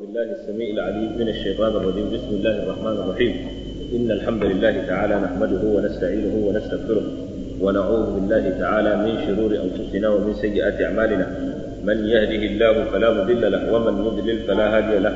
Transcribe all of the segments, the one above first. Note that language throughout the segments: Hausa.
بالله السميع العليم من الشيطان الرجيم بسم الله الرحمن الرحيم إن الحمد لله تعالى نحمده ونستعينه ونستغفره ونعوذ بالله تعالى من شرور أنفسنا ومن سيئات أعمالنا من يهده الله فلا مضل له ومن يضلل فلا هادي له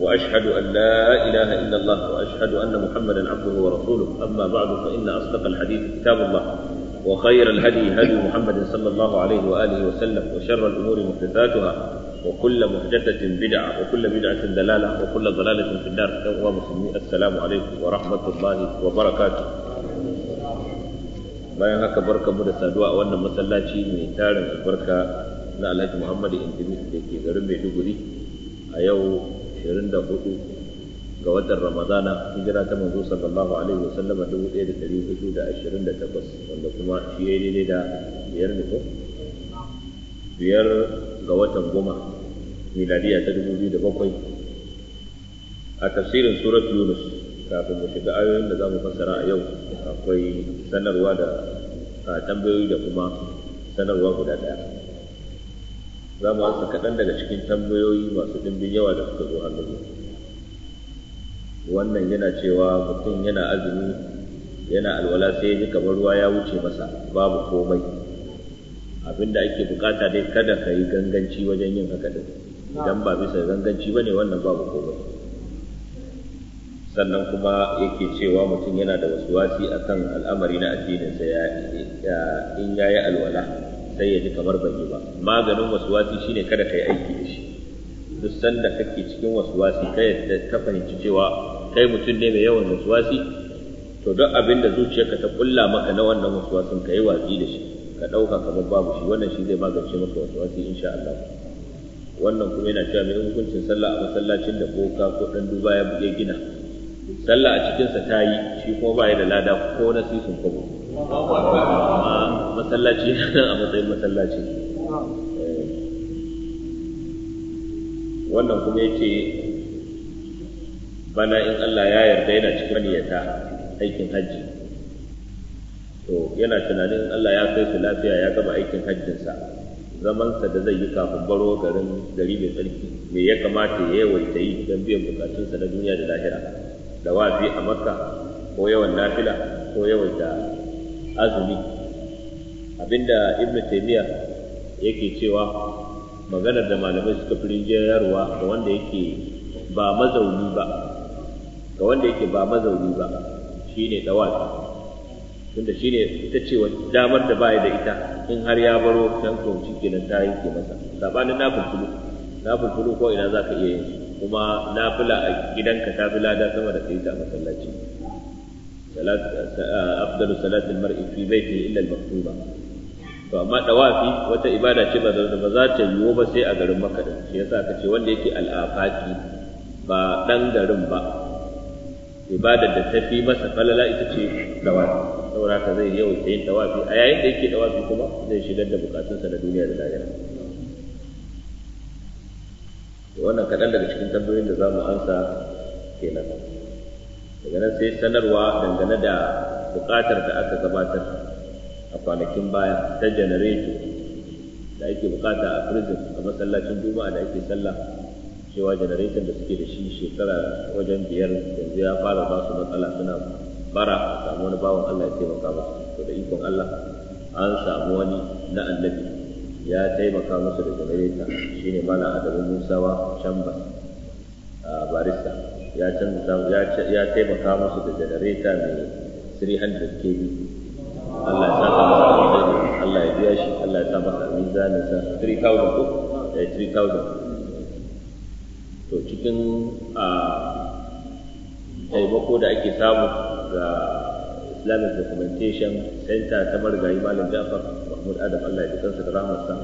وأشهد أن لا إله إلا الله وأشهد أن محمدا عبده ورسوله أما بعد فإن أصدق الحديث كتاب الله وخير الهدي هدي محمد صلى الله عليه وآله وسلم وشر الأمور محدثاتها وكل محدثة بدعة وكل بدعة ضلالة وكل ضلالة في النار أيها المسلمين السلام عليكم ورحمة الله وبركاته bayan haka barka mu da saduwa a wannan masallaci mai tarin albarka na Alhaji Muhammadu Indimi da ke garin Maiduguri a yau 24 ga watan Ramadana hijira ta manzo sallallahu alaihi wa sallam 1428 wanda kuma shi ya daidai da biyar ne ko biyar ga watan goma miladiya ta dubu biyu da bakwai? a tafsirin surat yunus kafin mu shiga ayoyin da za mu fassara a yau akwai sanarwa da tambayoyi da kuma sanarwa guda ɗaya za mu ansa kaɗan daga cikin tambayoyi masu ɗimbin yawa da suka zo hannun wannan yana cewa mutum yana azumi yana alwala sai ya ji kamar ruwa ya wuce masa babu komai abinda ake bukata dai kada ka yi ganganci wajen yin haka din idan ba bisa ganganci ba ne wannan babu komai sannan kuma yake cewa mutum yana da wasu wasi a kan al'amari na addininsa in ya yi alwala sai ya ji kamar bai yi ba maganin wasu wasi shine kada ka yi aiki da shi duk sanda kake cikin wasu wasi kai ka fahimci cewa kai mutum ne mai yawan wasu wasi to duk abin da ka ta kulla maka na wannan wasu wasin ka yi watsi da shi ka ɗauka kamar babu shi wannan shi zai magance maka wasu wasi insha Allah. wannan kuma yana cewa mai hukuncin sallah a masallacin da boka ko dan duba ya buge gina sallah a cikinsa ta yi shi kuma ba ya da lada ko na sisin kwabo amma masallaci nan a matsayin masallaci wannan kuma ya ce bana in Allah ya yarda yana cikin niyyata aikin hajji to yana tunanin Allah ya kai su lafiya ya gaba aikin hajjinsa zamansa da zai yi kafin baro garin gari mai tsarki me ya kamata ya yawaita yi don biyan bukatunsa na duniya da lahira da wafi a makka ko yawan nafila ko da azumi abinda ibnu taymiya yake cewa maganar da malamai suka fi rinjiyarwa ga wanda yake ba mazauni ba ga wanda yake ba mazauni ba shine dawafi tunda ne ita ce damar da baya da ita in har ya baro can to shi kenan ta yanke masa sabanin na fulfulu na fulfulu ko ina za ka iya yin kuma na fula a gidanka ta fi lada sama da kai ta masallaci eh, afdalu salatin mar'i fi baiti illa al-maktuba to amma dawafi wata ibada ce ba ba za ta yiwu ba sai a garin makka shi yasa ka ce wanda yake al'afaki ba dan garin ba ibadar da ta fi masa falala ita ce dawafi saboda ka zai yawaita yin dawafi a yayin da yake dawafi kuma zai shigar da bukatunsa na duniya da lahira wannan kaɗan daga cikin tambayoyin da za mu ansa kenan daga nan sai sanarwa dangane da bukatar da aka gabatar a kwanakin baya ta janareto da ake bukata a prison a masallacin juma'a da ake sallah cewa janareton da suke da shi shekara wajen biyar yanzu ya fara ba su matsala suna bara a samu wani bawan Allah ya taimaka musu to da ikon Allah an samu wani na annabi ya taimaka musu da janareta shine mana adamu musawa chambers a barista ya ya taimaka musu da janareta mai 300 kb Allah ya saka Allah ya biya shi Allah ya sa masa mizanin sa 3000 ko 3000 eh, to cikin taimako da ake samu ga islamic documentation center ta marigayi malam jafar mahmud adam allah ya kansa da rahmarsa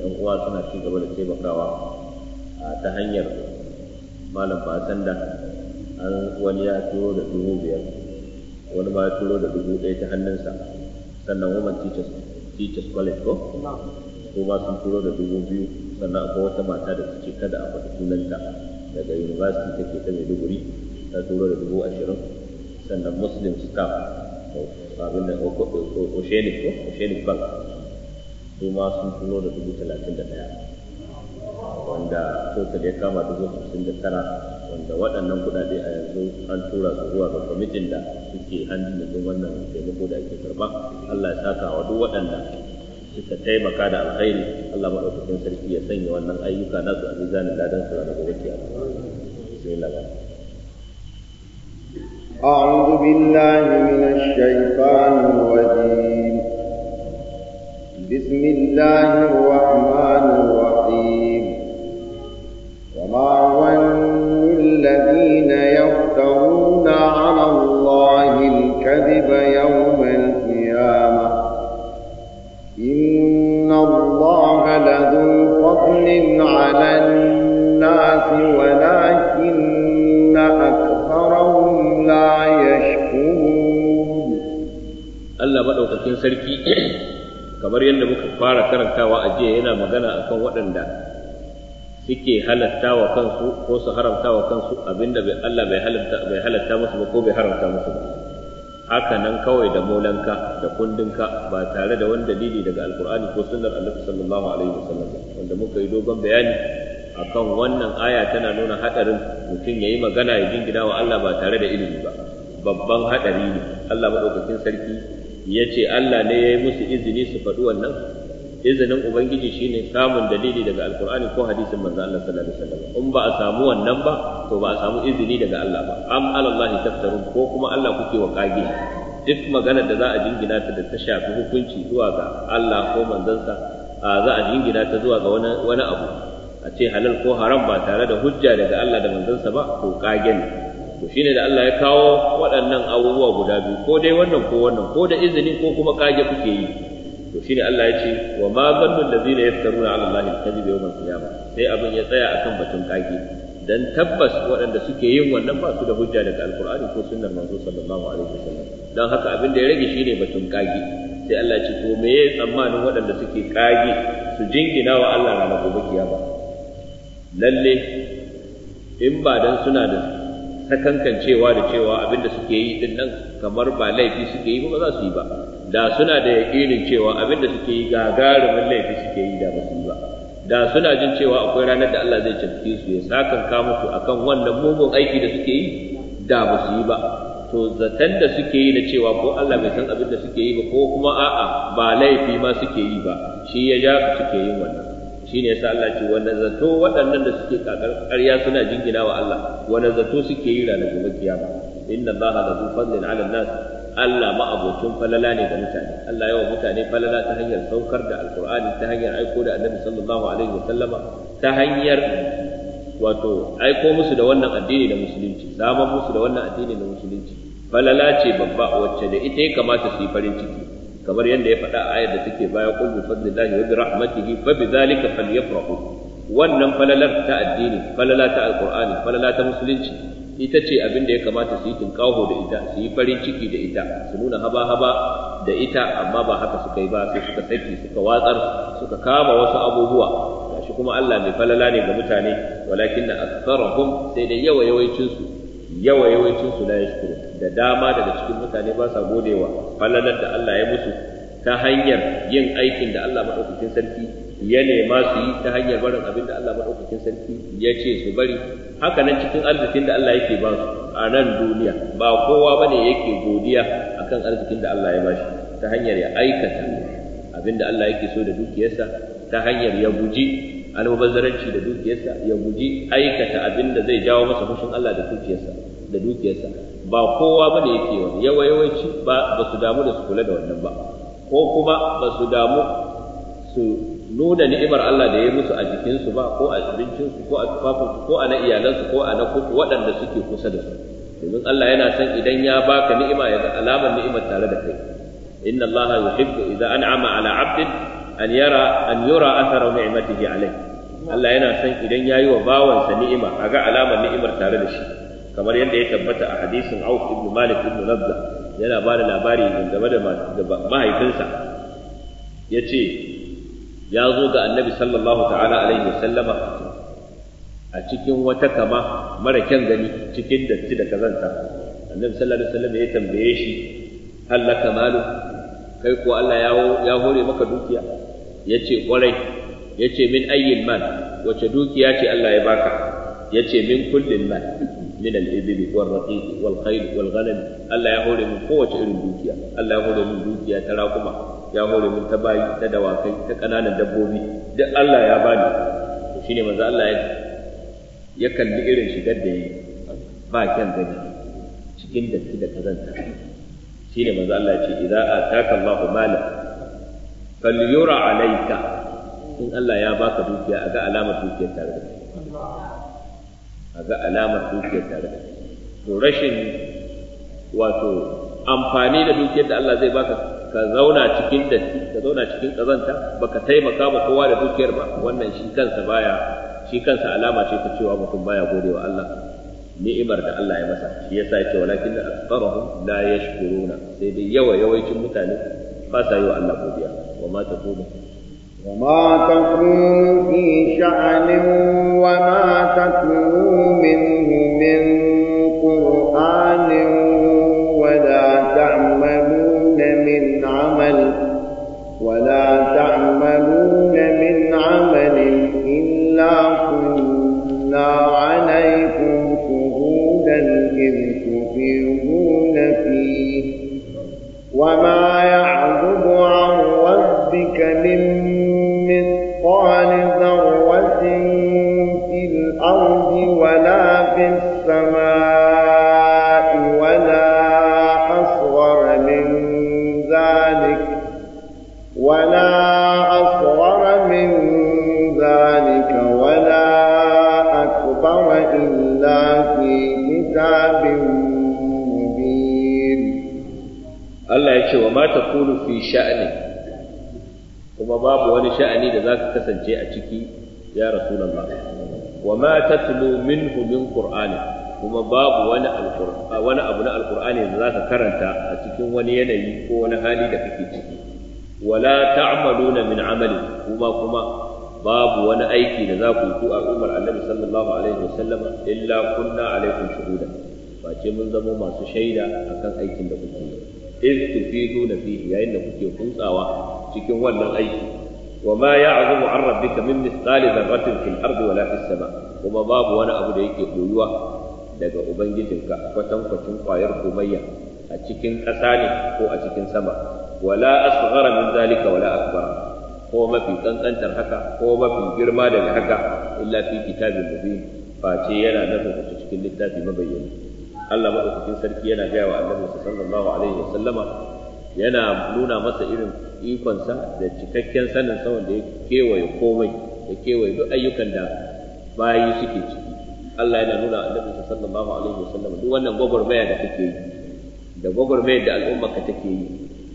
yan uwa suna ci gaba da taimakawa ta hanyar malam da an wani ya turo da dubu biyar wani ma ya turo da dubu ɗaya ta hannunsa sannan woman teachers college ko kuma sun turo da dubu biyu sannan akwai wata mata da ce kada a faɗi sunanta daga university take ta maiduguri ta turo da dubu ashirin sannan muslim staff abin da oceanic ko oceanic bank su ma sun turo da dubu talatin da ɗaya wanda total ya kama dubu hamsin da tara wanda waɗannan kuɗaɗe a yanzu an tura su zuwa ga kwamitin da suke hannun da wannan taimako da ake karɓa, Allah ya saka wa duk waɗanda suka taimaka da alkhairi Allah madaukakin sarki ya sanya wannan ayyuka nasu a mizanin ladan su ranar gobe kiyama أعوذ بالله من الشيطان الرجيم بسم الله الرحمن madaukakin sarki kamar yadda muka fara karantawa a jiya yana magana akan waɗanda suke halatta wa kansu ko su haramta wa kansu abinda bai Allah bai halatta bai musu ba ko bai haramta musu ba haka nan kawai da molanka da kundinka ba tare da wani dalili daga alkur'ani ko sunnar annabi sallallahu alaihi wasallam wanda muka yi dogon bayani akan wannan aya tana nuna hadarin mutum yayi magana ya jingina wa Allah ba tare da ilimi ba babban hadari ne Allah madaukakin sarki ya ce Allah ne ya yi musu izini su faɗi wannan izinin ubangiji shine samun dalili daga alkur'ani ko hadisin manzo Allah sallallahu alaihi wasallam in ba a samu wannan ba to ba a samu izini daga Allah ba am alallahi taftarun ko kuma Allah kuke wa kage duk maganar da za a jingina ta da ta shafi hukunci zuwa ga Allah ko manzansa za a jingina ta zuwa ga wani abu a ce halal ko haram ba tare da hujja daga Allah da manzansa ba to kage ne to shine da Allah ya kawo waɗannan abubuwa guda biyu ko dai wannan ko wannan ko da izini ko kuma kage kuke yi to shine Allah ya ce wa ma zannu allazina yaftaruna ala allahi alkadhiba yawm alqiyama sai abin ya tsaya akan batun kage dan tabbas waɗanda suke yin wannan ba su da hujja daga alqur'ani ko sunnar manzo sallallahu alaihi wasallam dan haka abin da ya rage shine batun kage sai Allah ya ce to me yayi tsammanin waɗanda suke kage su jingina wa Allah ranar gobe kiyama lalle in ba dan suna da Ta kankancewa da cewa abinda suke yi din nan kamar ba laifi suke yi ba za su yi ba da suna da yaƙinin cewa abinda suke yi gagarumin laifi suke yi da ba su yi ba da suna jin cewa akwai ranar da Allah zai cafke su ya sakanka musu akan wannan mugun aiki da suke yi da ba su yi ba to zaton da suke yi na cewa ko Allah bai san abin suke yi ba ko kuma a'a ba laifi ma suke yi ba shi ya ja suke yin wannan shine sa Allah ce wannan zato waɗannan da suke kakar ƙarya suna jingina wa Allah wannan zato suke yi ranar gobe kiyama inna Allah la zu fadlin 'ala nas Allah ma abocin falala ne ga mutane Allah yawa mutane falala ta hanyar saukar da alqur'ani ta hanyar aiko da annabi sallallahu alaihi wasallama ta hanyar wato aiko musu da wannan addini da musulunci zama musu da wannan addini da musulunci falala ce babba wacce da ita ya kamata su yi farin ciki kamar yadda ya faɗa a ayar da take baya qul bi fadlillahi wa bi rahmatihi fa bi dhalika falyafrahu wannan falalar ta addini falala ta alqur'ani falala ta musulunci ita ce abin da ya kamata su yi tinkaho da ita su yi farin ciki da ita su nuna haba haba da ita amma ba haka suka yi ba sai suka saki suka watsar suka kama wasu abubuwa gashi kuma Allah mai falala ne ga mutane walakin na aktharahum sai da yawa yawancin su yawa yawancin su la yashkuru da dama daga cikin mutane ba sa godewa falalar da Allah ya musu ta hanyar yin aikin da Allah madaukakin sarki ya nema su yi ta hanyar barin abin da Allah madaukakin sarki ya ce su bari haka nan cikin arzikin da Allah yake ba su a nan duniya ba kowa bane yake godiya akan arzikin da Allah ya shi ta hanyar ya aikata abin da Allah yake so da dukiyarsa ta hanyar ya guji almubazzaranci da dukiyarsa ya guji aikata abin da zai jawo masa fushin Allah da dukiyarsa da dukiyarsa ba kowa bane yake wani yawa yawanci ba ba su damu da su kula da wannan ba ko kuma ba su damu su nuna ni'imar Allah da ya musu a jikinsu ba ko a abincinsu ko a tufafinsu ko a na iyalansu ko a na kuku waɗanda suke kusa da su domin Allah yana son idan ya baka ni'ima ya ga alamar ni'imar tare da kai inna Allah yuhibbu idza an'ama ala 'abdin an yara an yura athara ni'matihi alai Allah yana son idan yayi wa bawansa ni'ima kaga alamar ni'imar tare da shi kamar yadda ya tabbata a hadisin Auf ibn Malik ibn Nabza yana ba da labari game da mahaifinsa yace ya zo ga Annabi sallallahu ta'ala alaihi wasallama a cikin wata kama mara kyan gani cikin datti da kazanta Annabi sallallahu alaihi wasallam ya tambaye shi hallaka malu kai ko Allah ya hore maka dukiya yace kwarai yace min ayyin man wace dukiya ce Allah ya baka yace min kullin man min al-ibil wal raqiq wal khayl wal ghanam Allah ya hore min kowace irin dukiya Allah ya hore min dukiya ta raƙuma ya hore min ta bayi ta dawakai ta ƙananan dabbobi duk Allah ya bani to shine manzo Allah ya ya kalli irin shigar da yi ba kyan gani cikin datti da kazanta shine manzo Allah ya ce idza ataka Allahu malan fal yura alayka in Allah ya baka dukiya aga alamar dukiyar tare da aga alamar dukiyar tare da to rashin wato amfani da dukiyar da Allah zai baka ka zauna cikin datti ka zauna cikin kazanta baka taimaka ba kowa da dukiyar ba wannan shi kansa baya shi kansa alama ce ta cewa mutum baya godewa Allah ni'imar da Allah ya masa shi yasa yake walakin aktharuhum la yashkuruna sai dai yawa yawaicin mutane ba sa yi wa Allah godiya وما تكون وما تكون في شأن وما تتلو منه من ce wa ma takunu fi sha'ani kuma babu wani sha'ani da ka kasance a ciki ya rasulullah wa ma tatlu minhu min qur'ani kuma babu wani wani abu na alqur'ani da ka karanta a cikin wani yanayi ko wani hali da kake ciki wala ta'maluna min amali kuma kuma babu wani aiki da za ku yi ku al'ummar annabi sallallahu alaihi wasallama illa kunna alaikum shuhuda ce mun zama masu shaida akan aikin da kuke yi iz tufiduna fihi yayin da kuke kuntsawa cikin wannan aiki wa ma ya'zubu an rabbika min mithqali dharratin fil ardi wala fis kuma babu wani abu da yake koyuwa daga ubangijinka kwatankwacin kwayar komayya a cikin ƙasa ne ko a cikin sama wala asghara min zalika wala akbar ko mafi kankantar haka ko mafi girma daga haka illa fi kitabin mubin face yana nan rubuta cikin littafi mabayyana Allah madaukakin sarki yana gaya wa annabi sallallahu alaihi wa sallama yana nuna masa irin ikonsa da cikakken sanin sa wanda ya kewaye komai Da kewaye duk ayyukan da bayi suke ciki Allah yana nuna annabi sallallahu alaihi wa sallama duk wannan gwagwarmaya da kake yi da gwagwarmaya da al'ummarka take yi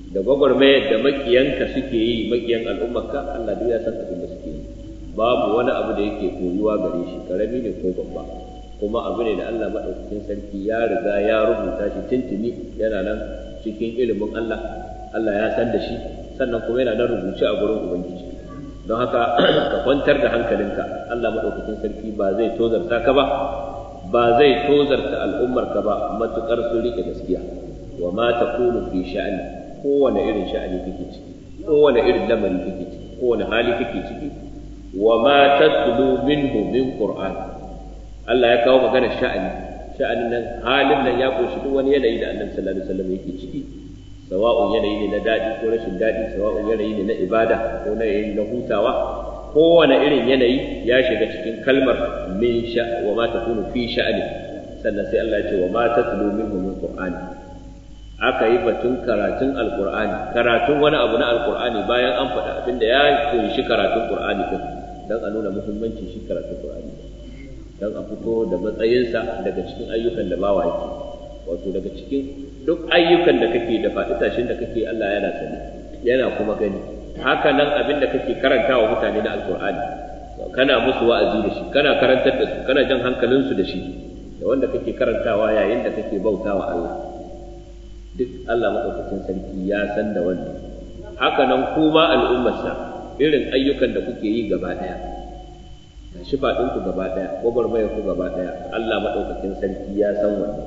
da gwagwarmaya da makiyanka suke yi makiyan al'ummarka Allah duk ya san abin da suke yi babu wani abu da yake koyuwa gare shi karami ne ko babba kuma abu ne da Allah maɗaukakin sarki ya riga ya rubuta shi tuntuni yana nan cikin ilimin Allah Allah ya san da shi sannan kuma yana nan rubuce a gurin ubangiji don haka ka kwantar da hankalinka Allah maɗaukakin sarki ba zai tozarta ka ba ba zai tozarta al'ummar ka ba matukar sun rike gaskiya wa ma takunu fi sha'ani kowane irin sha'ani kake ciki kowane irin lamari kake ciki kowane hali kake ciki wa ma tatlu minhu min qur'ani Allah ya kawo magana sha'ani sha'anin nan halin nan ya ƙunshi duk wani yanayi da annabi sallallahu alaihi wasallam yake ciki sawa'un yanayi ne na daɗi ko rashin daɗi sawa'un yanayi ne na ibada ko na yanayi na hutawa kowane irin yanayi ya shiga cikin kalmar min sha wa ma takunu fi sha'ani sannan sai Allah ya ce wa ma tatlu minhu min qur'ani aka yi batun karatun alkur'ani karatun wani abu na alkur'ani bayan an faɗa abinda ya kunshi karatun qur'ani din dan a nuna muhimmancin shi karatun qur'ani don a fito da matsayinsa daga cikin ayyukan da bawa yake wato daga cikin duk ayyukan da kake da faɗi tashin da kake Allah yana sani yana kuma gani haka nan abin da kake karantawa mutane na alkur'ani kana musu wa'azi da shi kana karantar da su kana jan hankalinsu da shi da wanda kake karantawa yayin da kake bautawa Allah duk Allah maɗaukakin sarki ya san da wannan haka nan kuma al'ummarsa irin ayyukan da kuke yi gaba ɗaya shi faɗin ku gaba ɗaya mai ku gaba ɗaya Allah maɗaukakin sarki ya san wannan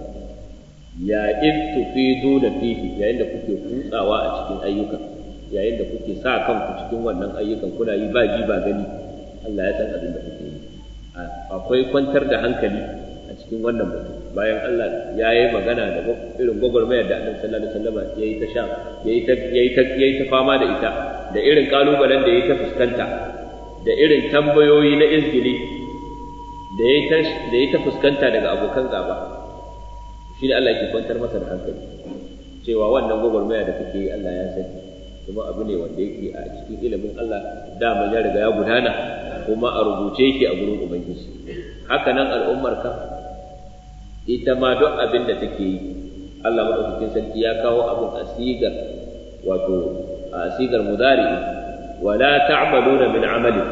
ya in tufidu da fihi yayin da kuke kutsawa a cikin ayyuka yayin da kuke sa kanku cikin wannan ayyukan kuna yi ba ji ba gani Allah ya san abin da kuke yi akwai kwantar da hankali a cikin wannan mutum bayan Allah ya yi magana da irin mai da Annabi sallallahu alaihi wasallam ya yi ta sha ya yi ta fama da ita da irin kalubalen da ya yi ta fuskanta da irin tambayoyi na izgili da ya ta fuskanta daga abokan gaba shi da Allah ke kwantar masa da hankali cewa wannan gwagwarmaya da kake yi Allah ya sani kuma abu ne wanda yake a cikin ilimin Allah dama ya riga ya gudana kuma a rubuce yake a gurin ubangiji haka nan al'ummar ka ita ma duk abin da take yi Allah maɗaukakin sarki ya kawo abin a sigar wato a sigar mudari wala ta'maluna min amalin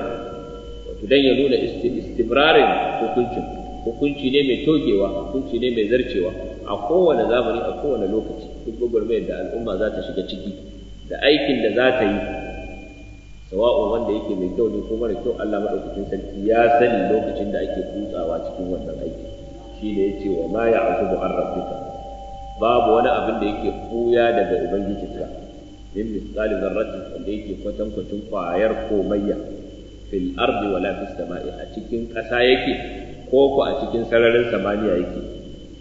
wato dan ya nuna istibrarin hukuncin hukunci ne mai togewa hukunci ne mai zarcewa a kowane zamani a kowane lokaci duk gwagwarmayar da al'umma za ta shiga ciki da aikin da za ta yi sawa'un wanda yake mai kyau ne kuma mara kyau Allah madaukakin sarki ya sani lokacin da ake kutsawa cikin wannan aiki shi yace wa ma ya'zubu an babu wani abin da yake buya daga ubangijinka min misali zarratin wanda yake kwatan kwatan kwayar komayya fil ardi wala fis sama'i a cikin ƙasa yake ko ko a cikin sararin samaniya yake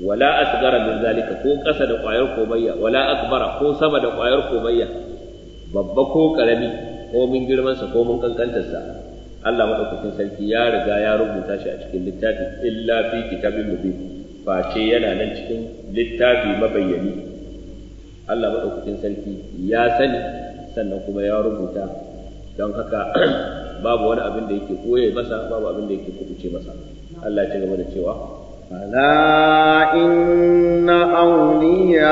wala asgara min zalika ko ƙasa da kwayar komayya wala akbara ko sama da kwayar komayya babba ko karami ko mun girman sa ko mun kankantar sa Allah madaukakin sarki ya riga ya rubuta shi a cikin littafi illa fi kitabin mubin face yana nan cikin littafi mabayyani Allah maɗaukakin sarki ya sani sannan kuma ya rubuta don haka babu wani abin da yake koye masa babu abin da yake kubuce masa Allah ya ci gaba da cewa ألا إن أولياء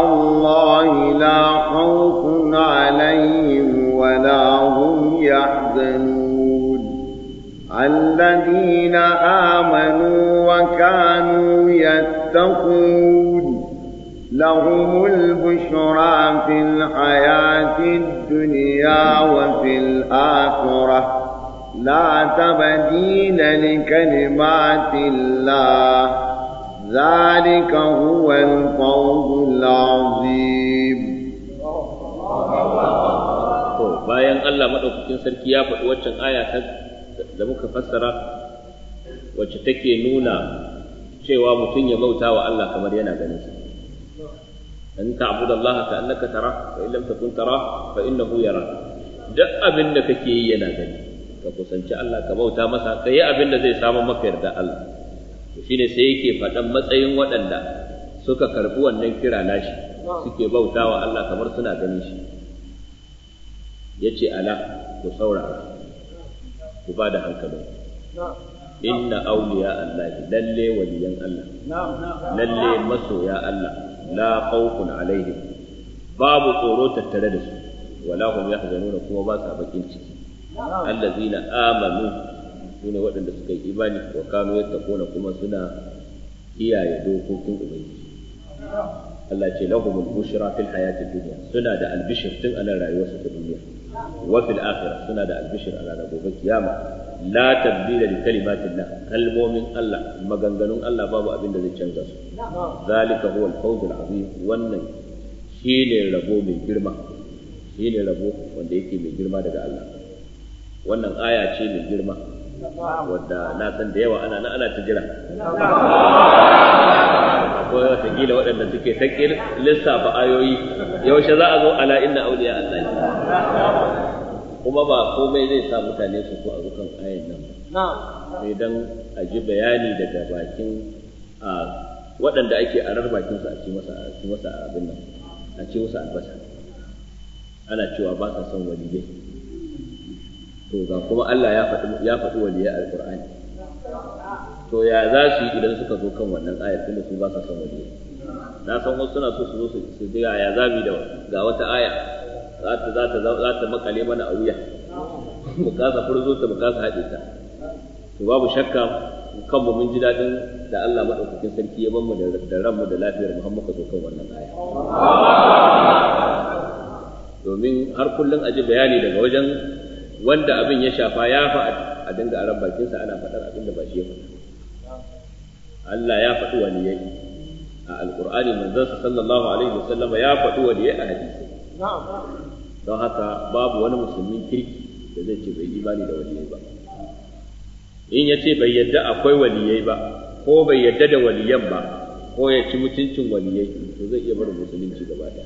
الله لا خوف عليهم ولا هم يحزنون الذين آمنوا وكانوا يتقون لهم البشرى في الحياة الدنيا وفي الآخرة لا تبديل لكلمات الله ذلك هو الفوز العظيم bayan Allah maɗaukakin sarki ya faɗi waccan aya da muka fassara wacce take nuna cewa mutum ya bauta wa Allah kamar yana ganin sa an ta'budu Allah ka annaka tara fa illam takun tara fa innahu yara duk abin da kake yi yana gani ka kusanci Allah ka bauta masa ka yi abin da zai samu maka yarda Allah to shine sai yake faɗan matsayin waɗanda suka karbi wannan kira nashi suke bautawa Allah kamar suna ganin shi yace ala ku saurara ku ba da hankali inna auliya Allah lalle waliyan Allah lalle masoya Allah la khawfun alaihim babu tsoro tattare da su wala hum yahzanuna kuma ba sa bakin ciki allazina amanu sune waɗanda suka yi imani wa kanu yattaquna kuma suna kiyaye dokokin ubangiji Allah ce lahumul bushra fil hayatid dunya suna da albishir tun a nan rayuwarsu ta duniya wa fil akhirah suna da albishir a ranar gobe kiyama la tabdila li kalimatillah kalmomin Allah maganganun Allah babu abin da zai canza su zalika huwa al-fawz al-azim wannan rabo mai girma shine rabo wanda yake mai girma daga Allah wannan aya ce mai girma wadda na san da yawa ana ana ta jira akwai waɗanda suke ta lissafa ayoyi yaushe za a zo ala inna auliya Allah kuma ba komai zai sa mutane su ko a rukan ayan nan sai idan a ji bayani daga bakin a waɗanda ake arar bakin su a ci masa a ci masa abin nan a ci masa albasa ana cewa ba sa son waliyai to ga kuma Allah ya faɗi ya faɗi waliyai alqur'ani to ya za su yi idan suka zo kan wannan ayar tunda su ba sa son waliyai na san wasu suna so su zo su ji ya zabi da ga wata aya za ta za ta makale mana a wuya mu kasa furzo ta mu kasa haɗe ta to babu shakka kanmu mun ji daɗin da Allah maɗaukakin sarki ya ban mu da ran mu da lafiyar mu har muka zo kan wannan aya domin har kullum aji bayani daga wajen wanda abin ya shafa ya fa a dinga aran bakinsa ana fadar abin da ba shi ya faɗa Allah ya faɗi wani yayi a alqur'ani manzon sallallahu alaihi wasallama ya faɗi wani yayi a hadisi don haka babu wani musulmin kirki da zai ce bai imani da waliyai ba in ya ce bai yadda akwai waliyai ba ko bai yadda da waliyan ba ko ya ci mutuncin waliyai to zai iya barin musulunci gaba ɗaya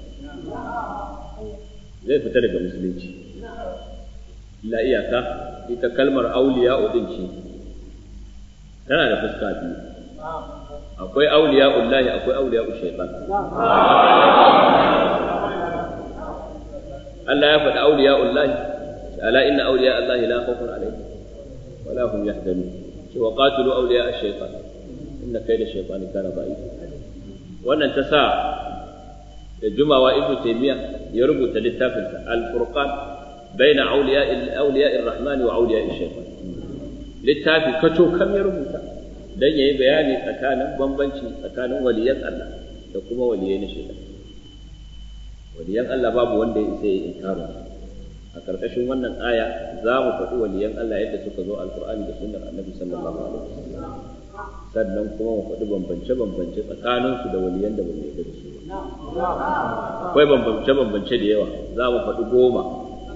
zai fita daga musulunci la iyaka ita kalmar auliya udin ce tana da fuska biyu akwai auliya ullahi akwai auliya shaitan Allah ya faɗi auliya Allah ala inna auliya Allah la khawfun alaihim wa la hum yahzanun ce wa qatilu auliya ash-shaytan inna kayda shaytani kana da'if wannan ta sa da jumawa ibnu taymiya ya rubuta littafin al-furqan baina auliya auliya ar-rahman wa auliya ash-shaytan littafi kato kam ya rubuta dan yayi bayani tsakanin bambanci tsakanin waliyan Allah da kuma waliyai na shaytan waliyan Allah babu wanda ya isa ya inkarin a karkashin wannan aya za mu faɗi waliyan Allah yadda suka zo alqur'ani da sunnar annabi sallallahu alaihi wasallam sannan kuma mu faɗi bambance bambance tsakanin su da waliyan da ba mu yarda da su akwai bambance bambance da yawa za mu faɗi goma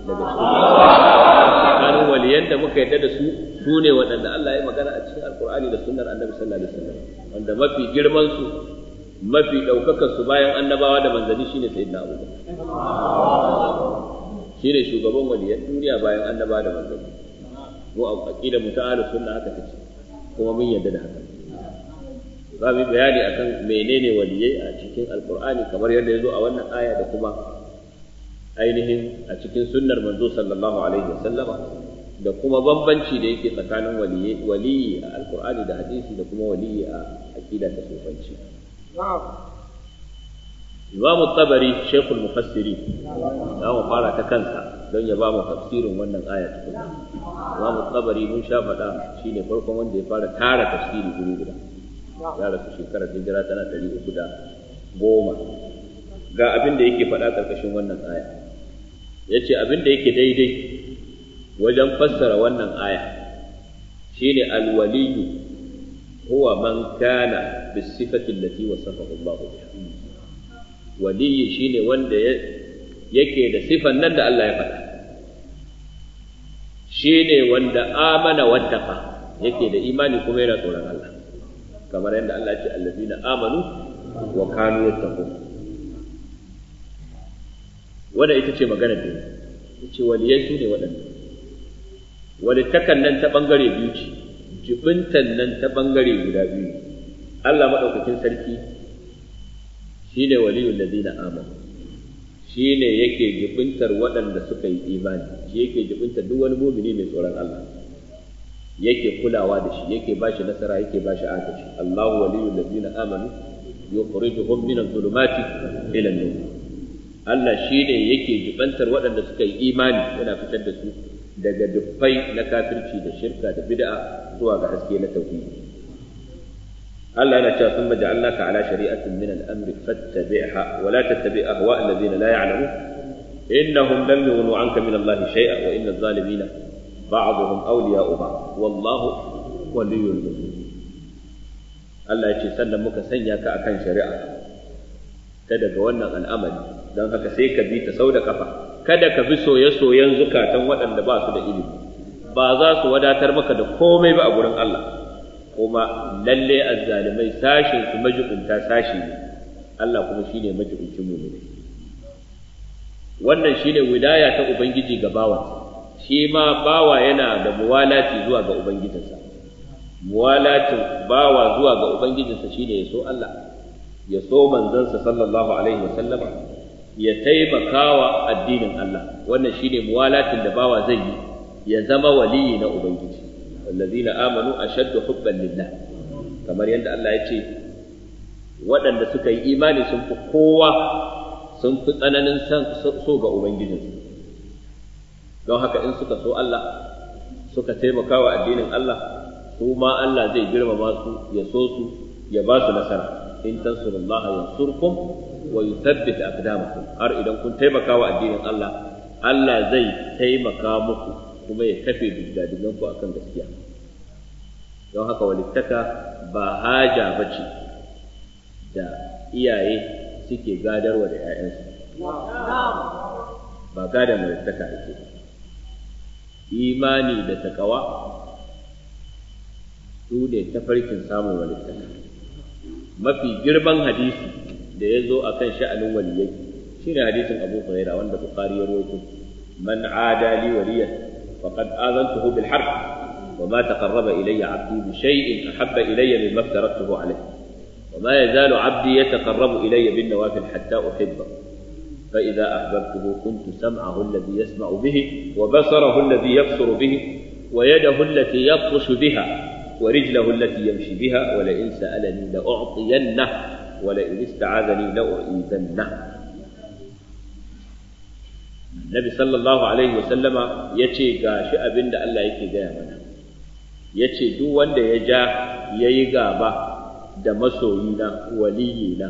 daga cikin tsakanin waliyan da muka yadda da su su ne waɗanda Allah ya magana a cikin alqur'ani da sunnar annabi sallallahu alaihi wasallam wanda mafi girman su mafi ɗaukakar su bayan annabawa da manzanni shine sayyidina abubakar ne shugaban waliyan duniya bayan annabawa da manzanni mu a aqida muta'ala sunna haka take kuma mun yarda da haka za mu bayani akan menene waliyai a cikin alqur'ani kamar yadda ya zo a wannan aya da kuma ainihin a cikin sunnar manzo sallallahu alaihi wasallama da kuma bambanci da yake tsakanin waliyi a alqur'ani da hadisi da kuma waliyi a aqida ta sufanci imamu tabari Sheikhul mufassiri za mu fara ta kansa don ya ba mu tafsirin wannan aya tukuna Imam tabari mun sha faɗa shine farkon wanda ya fara tara tafsiri guri guda ya rasu shekarar hijira tana ɗari uku da goma ga abin da yake faɗa ƙarƙashin wannan aya ya ce abin da yake daidai wajen fassara wannan aya shine alwaliyu huwa man kana bis sifati allati wasafahu Allah biha waliyi shine wanda yake da sifan nan da Allah ya faɗa shine wanda amana wattaqa yake da imani kuma yana tsoron Allah kamar yadda Allah ce allazina amanu wa ita ce magana da ne waɗanda takan nan ta ɓangare biyu ce jibintan nan ta bangare guda biyu Allah maɗaukakin sarki shi ne waliyun ladina amanu shi ne yake jibintar waɗanda suka yi imani shi yake jibintar duk wani mumini mai tsoron Allah yake kulawa da shi yake ba shi nasara yake ba shi agaji Allahu waliyul ladina amanu yukhrijuhum min adh-dhulumati ila an-nur Allah shi ne yake jibantar waɗanda suka yi imani yana fitar da su daga dubbai na kafirci da shirka da bid'a zuwa ga haske na tauhidi Allah yana cewa thumma ja'alnaka ala shari'atin min al-amri fattabi'ha wa la tattabi' ahwa' alladhina la ya'lamun innahum lam yughnu 'anka min Allah shay'a wa inna adh-dhalimina ba'dhum awliya'u ba'd wallahu waliyyul mu'minin Allah ya ce sannan muka sanya ka akan shari'a ta daga wannan al'amari don haka sai ka bi ta sau da kafa kada ka bi soye-soyen zukatan waɗanda ba su da ilimi ba za su wadatar maka da komai ba a gurin Allah kuma lalle azzalimai sashin su majibinta sashi ne Allah kuma shine majibincin ne. wannan shine wilaya ta ubangiji ga Bawa, shi ma bawa yana da muwalati zuwa ga ubangijinsa muwalatin bawa zuwa ga ubangijinsa shine ya so Allah ya so manzansa sallallahu alaihi wasallama ya taimakawa addinin Allah wannan shine muwalatin da bawa zai yi ya zama waliyi na ubangiji wallazina amanu ashaddu hubban lillah kamar yadda Allah ya ce waɗanda suka yi imani sun fi kowa sun fi tsananin so ga ubangijin. don haka in suka so Allah suka taimakawa addinin Allah su ma Allah zai girmama su ya so su ya ba su nasara in tansurullaha yansurkum wa yuthabbit aqdamakum har idan kun taimaka wa addinin Allah Allah zai taimaka muku kuma ya kafe dukkan ku akan gaskiya don haka walittaka ba haja bace da iyaye suke gadarwa da 'ya'yansu ba gadon walittaka ake imani da takawa su ne tafarkin samun walittaka mafi girman hadisi da ya zo a kan sha'anin waliyai shi ne hadisin abu hurairah wanda bukari ya rawaito man ada li waliyan faqad azantuhu bil harb wa ma taqarraba ilayya abdi bi shay'in ahabba ilayya mimma taraktuhu alayhi wa ma yazalu abdi yataqarrabu ilayya bin nawafil hatta uhibba فإذا أحببته كنت سمعه الذي يسمع به وبصره الذي يبصر به ويده التي يبطش بها ورجله التي يمشي بها ولئن سألني لأعطينه wala in ista'azani la u'izanna Nabi sallallahu alaihi wa sallama yace gashi abinda Allah yake gaya mana yace duk wanda ya ja yayi gaba da masoyina waliyina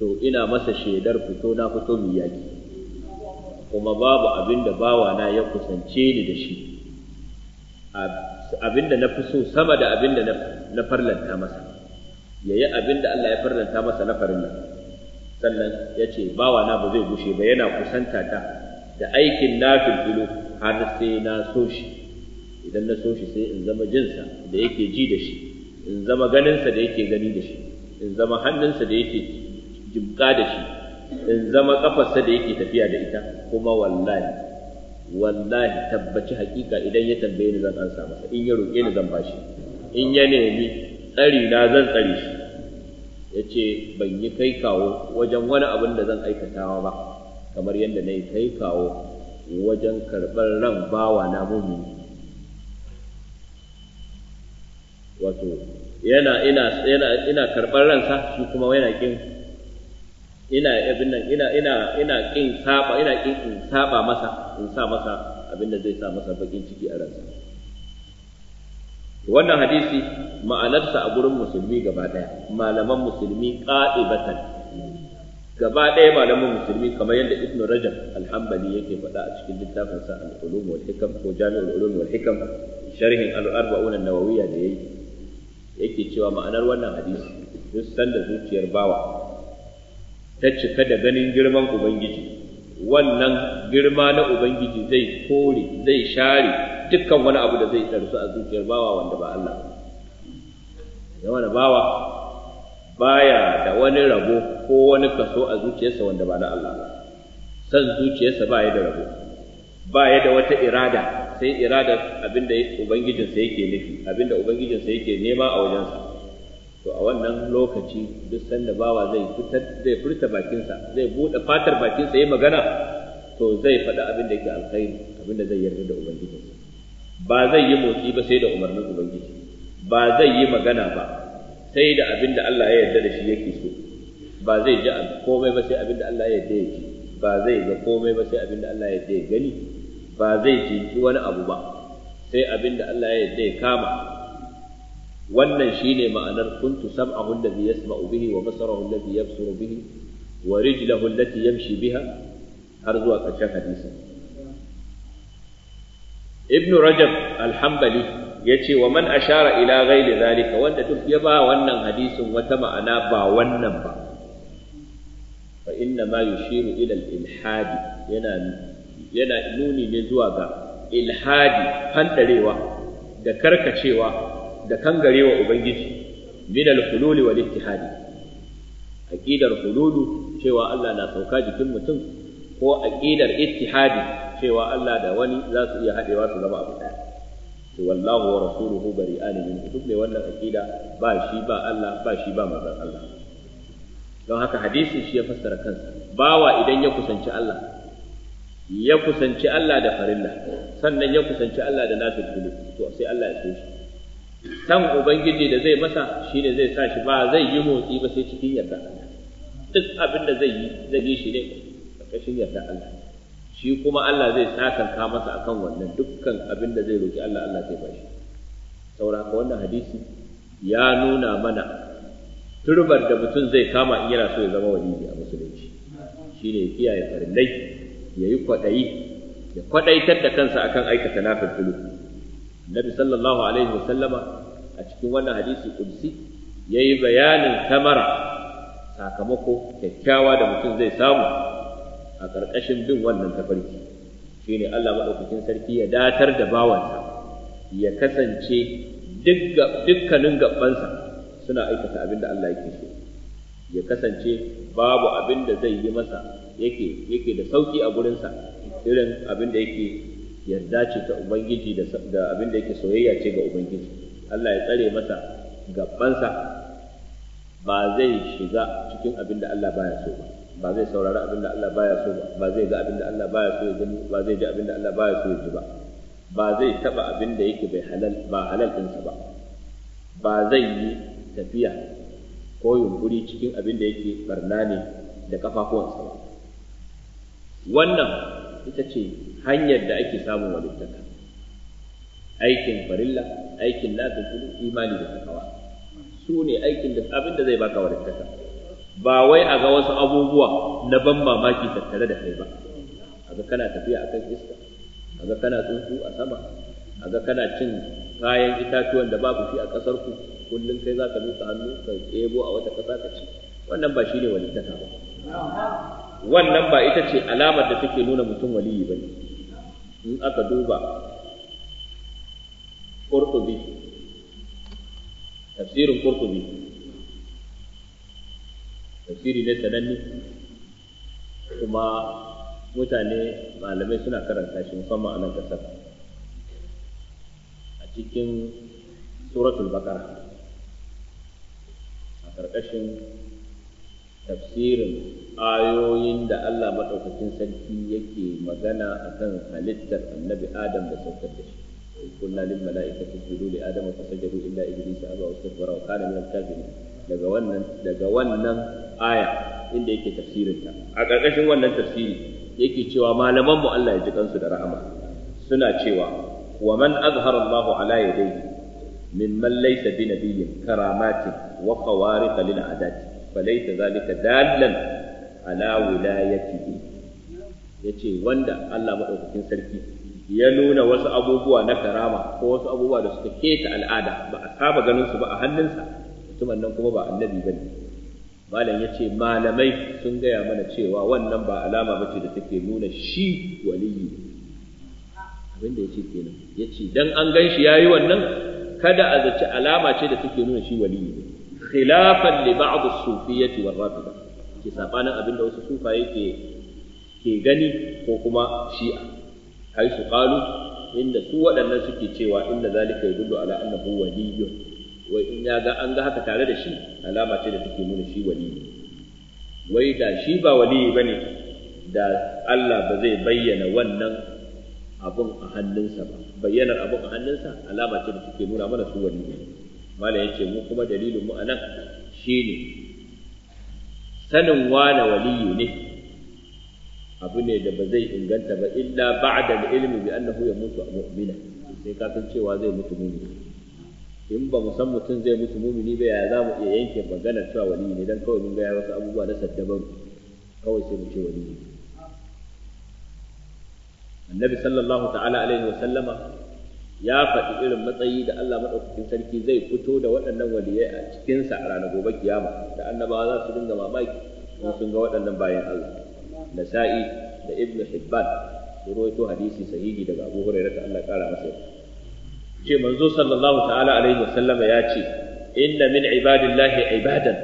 to ina masa shaidar fito na fito mi yaki kuma babu abinda bawana ya kusance ni da shi abinda na fi so sama da abinda na farlanta masa ya yi abin da Allah ya faranta masa na farin nan. sannan ya ce bawa na ba zai gushe ba yana kusanta ta da aikin na filfilo har sai na so shi idan na so shi sai in zama jinsa da yake ji da shi in zama ganinsa da yake gani da shi in zama hannunsa da yake jimka da shi in zama kafarsa da yake tafiya da ita kuma wallahi wallahi tabbaci hakika idan ya tambaye ni zan ansa masa in ya roƙe ni zan bashi in ya nemi tsari na zan tsare shi ya ce ban yi kai kawo wajen wani abin da zan aikatawa ba kamar yadda na yi kai kawo wajen karɓar ran bawa na mumini wato yana ina yana ina karɓar ransa shi kuma yana kin ina abin nan ina ina ina kin saba ina kin in saba masa in sa masa abin da zai sa masa bakin ciki a ransa wannan hadisi ma'anarsa a gurin musulmi gaba ɗaya. malaman musulmi qa'ibatan gaba daya malaman musulmi kamar yadda ibnu rajab al-hanbali yake faɗa a cikin littafin sa al-ulum wal hikam ko jami'ul ulum wal hikam sharhin al-arba'un an-nawawiyya da yayi yake cewa ma'anar wannan hadisi duk sanda zuciyar bawa ta cika da ganin girman ubangiji wannan girma na ubangiji zai kore zai share dukkan wani abu da zai tsarsu a zuciyar bawa wanda ba Allah ba yawa da bawa baya da wani rabo ko wani kaso a zuciyarsa wanda ba na Allah ba san zuciyarsa ba ya da rabo ba ya da wata irada sai irada da ubangijinsa yake nufi da ubangijinsa yake nema a wajensa to a wannan lokaci duk sanda bawa zai fitar zai furta bakinsa zai bude fatar bakinsa yayi magana to zai faɗa da yake alkhairi da zai yarda da ubangijinsa ba zai yi motsi ba sai da umarnin ubangiji ba zai yi magana ba sai da abin da Allah ya yarda da shi yake so ba zai ji komai ba sai abin da Allah ya yarda ya ji ba zai ga komai ba sai abin da Allah ya yarda ya gani ba zai jinki wani abu ba sai abin da Allah ya yarda ya kama wannan shi ne ma'anar kuntu sam'ahu alladhi yasma'u bihi wa da alladhi yabsuru bihi wa rijlahu allati yamshi biha har zuwa ƙarshen hadisin ibnu rajab alhambali, ya ce wa man ashara ila ghairi zalika wanda duk ya ba wannan hadisin wata ma'ana ba wannan ba fa inna ma yushiru ila al-ilhadi yana yana nuni ne zuwa ga ilhadi fandarewa da karkacewa da kangarewa ubangiji min al-hululi wal ittihadi aqidar hululu cewa Allah na sauka jikin mutum ko aqidar ittihadi cewa Allah da wani za su iya haɗewa su zama abu ɗaya to wallahu wa rasuluhu bari'an min duk ne wannan aqida ba shi ba Allah ba shi ba manzon Allah don haka hadisin shi ya fassara kansa bawa idan ya kusanci Allah ya kusanci Allah da farilla sannan ya kusanci Allah da nafil to sai Allah ya so shi san ubangiji da zai masa shi ne zai sa shi ba zai yi motsi ba sai cikin yarda duk abin da zai yi zai yi shi ne ƙarƙashin yarda Allah shi kuma Allah zai sakanka masa akan wannan dukkan abin da zai roki Allah Allah zai bashi saboda wannan hadisi ya nuna mana turbar da mutum zai kama in yana so ya zama waliyi a musulunci shine kiyaye farillai ya yi kwaɗayi ya kwaɗaitar da kansa akan aikata nafin tulu Nabi sallallahu alaihi sallama, a cikin wannan hadisi kudsi ya yi bayanin samara sakamako kyakkyawa da mutum zai samu a ƙarƙashin bin wannan tafarki shi ne Allah maɗaukakin sarki ya datar da bawansa ya kasance dukkanin gabansa suna aikata abin da Allah yake so ya kasance babu abin da zai yi masa yake yake da sauki a gurinsa irin abin da yake yarda ce ta ubangiji da abin da yake soyayya ce ga ubangiji Allah ya tsare masa gabansa ba zai shiga cikin abin da Allah baya so ba ba zai saurari abin da Allah baya so ba ba zai ga abin da Allah baya so ya gani ba zai ji abin da Allah baya so ya ji ba ba zai taba abin da yake bai halal ba halal ɗinsa ba ba zai yi tafiya ko yunkuri cikin abin da yake barna ne da kafafuwansa ba wannan ita ce hanyar da ake samun walittaka aikin farilla aikin lafiyar imani da takawa su ne aikin da abin da zai baka walittaka ba wai a ga wasu abubuwa na ban mamaki tattare da kai ba a ga kana tafiya a kan iska a ga kana tsuntsu a sama a ga kana cin kayan itatuwan da babu shi a ƙasar ku kullum kai za ka nuka hannu ka tsebo a wata ƙasa ka ci wannan ba shi ne walittaka ba wannan ba ita ce alamar da take nuna mutum waliyi ba ne in aka duba kurkubi, tafsirin kurkubi. tafsiri ne sananne kuma mutane malamai suna karanta shi musamman a nan kasar a cikin suratul baqara a ƙarƙashin tafsirin ayoyin da Allah maɗaukacin sarki yake magana a kan halittar annabi Adam da saukar da shi. Kunna lil mala'ikati sujudu li Adam fa sajadu illa Iblis aba wa kana min al-kafirin. Daga wannan daga wannan aya inda yake tafsirinta a ƙarƙashin wannan tafsiri yake cewa malaman mu Allah ya ji kansu da rahama suna cewa wa man azhara Allah ala yadayhi mimman laysa bi nabiyyin karamatin wa qawariq lil adati falaysa zalika dallan ala wilayatihi yace wanda Allah madaukakin sarki ya nuna wasu abubuwa na karama ko wasu abubuwa da suka keta al'ada ba a saba ganin su ba a hannunsa mutumin nan kuma ba annabi bane malam ya ce malamai sun gaya mana cewa wannan ba alama bace da take nuna shi waliyi abinda ya ce kenan ya ce don an gan shi ya yi wannan kada a zaci alama ce da take nuna shi waliyi khilafan li ba'd as-sufiyyati wal ba. ke sabanin abin da wasu sufaye ke ke gani ko kuma shi'a su qalu inda su waɗannan suke cewa inda zalika yadullu ala annahu yau. wai in ya ga an ga haka tare da shi alama ce da take nuna shi wali wai da shi ba wali ne da Allah ba zai bayyana wannan abun a hannunsa ba bayyanar abun a hannunsa alama ce da take nuna mana su wali ne malam yace mu kuma dalilin mu anan shi ne. sanin wane waliyu ne abu ne da ba zai inganta ba illa ba'da al-ilmi bi annahu yamutu mu'mina sai ka san cewa zai mutu mu'mini in ba mu san mutum zai mutu mumini ba ya za mu iya yanke maganar cewa wali ne dan kawai mun ga ya wasu abubuwa na saddabaru kawai sai mu ce wali ne annabi sallallahu ta'ala alaihi wa sallama ya faɗi irin matsayi da Allah madaukakin sarki zai fito da waɗannan waliyai a cikinsa a ranar gobe kiyama da annabawa za su dinga mamaki in sun ga waɗannan bayan Allah da da ibnu hibban su rawaito hadisi sahihi daga abu hurairah Allah ƙara masa ce manzo sallallahu ta'ala alaihi wasallama ya ce inna min ibadillahi ibadan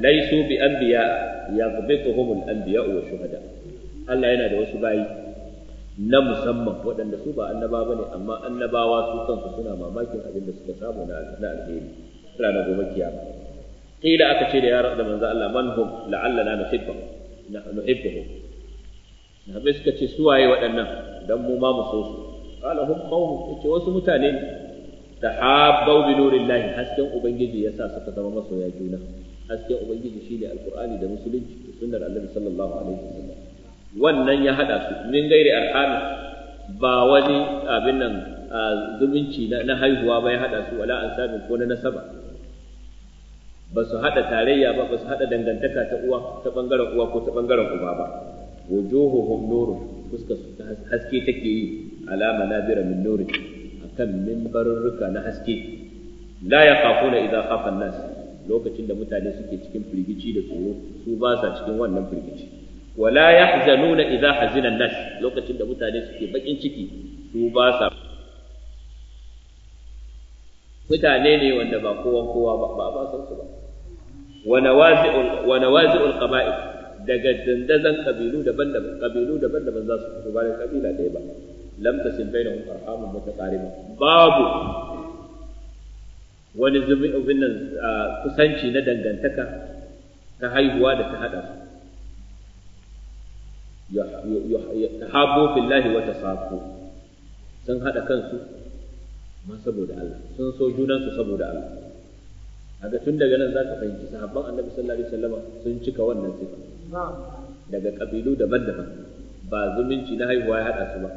laysu bi anbiya yaghbituhum al-anbiya wa shuhada Allah yana da wasu bayi na musamman waɗanda su ba annaba ba ne amma annabawa su kansu suna mamakin abin da suka samu na alheri ranar gobe kiyama kila aka ce da ya da manzo Allah man hum la'allana nuhibbuhum nuhibbuhum na suka ce suwaye waɗannan dan mu ma mu so su qala hum qawmun yace wasu mutane tahabbu bi nurillahi hasken ubangiji ya sa suka zama masoya juna hasken ubangiji shine alqur'ani da musulunci da sunnar annabi sallallahu alaihi wasallam wannan ya hada su min gairi arhami ba wani abin nan zumunci na haihuwa ba ya hada su wala ansabin ko na nasaba ba su hada tarayya ba ba su hada dangantaka ta uwa ta bangaren uwa ko ta bangaren uba ba wujuhuhum nurun fuskar su haske take yi alama nadira min nuri akan ruka na haske la yakhafuna idza khafa an-nas lokacin da mutane suke cikin firgici da tsoro su ba sa cikin wannan firgici wala yahzanuna idza hazina an-nas lokacin da mutane suke bakin ciki su ba sa mutane ne wanda ba kowa kowa ba ba ba san su ba wa nawazi'ul wa nawazi'ul qaba'il daga dandazan kabilu daban-daban kabilu daban-daban za su fito bayan kabila ɗaya ba lam tasil bainahum arhamun mutaqariba babu wani zubin kusanci na dangantaka ta haihuwa da ta hada su habu billahi wata tasafu sun hada kansu ma saboda Allah sun so junansu saboda Allah kaga tun daga nan zaka fahimci sahabban Annabi sallallahu alaihi wasallam sun cika wannan sifa daga kabilu daban-daban ba zumunci na haihuwa ya hada su ba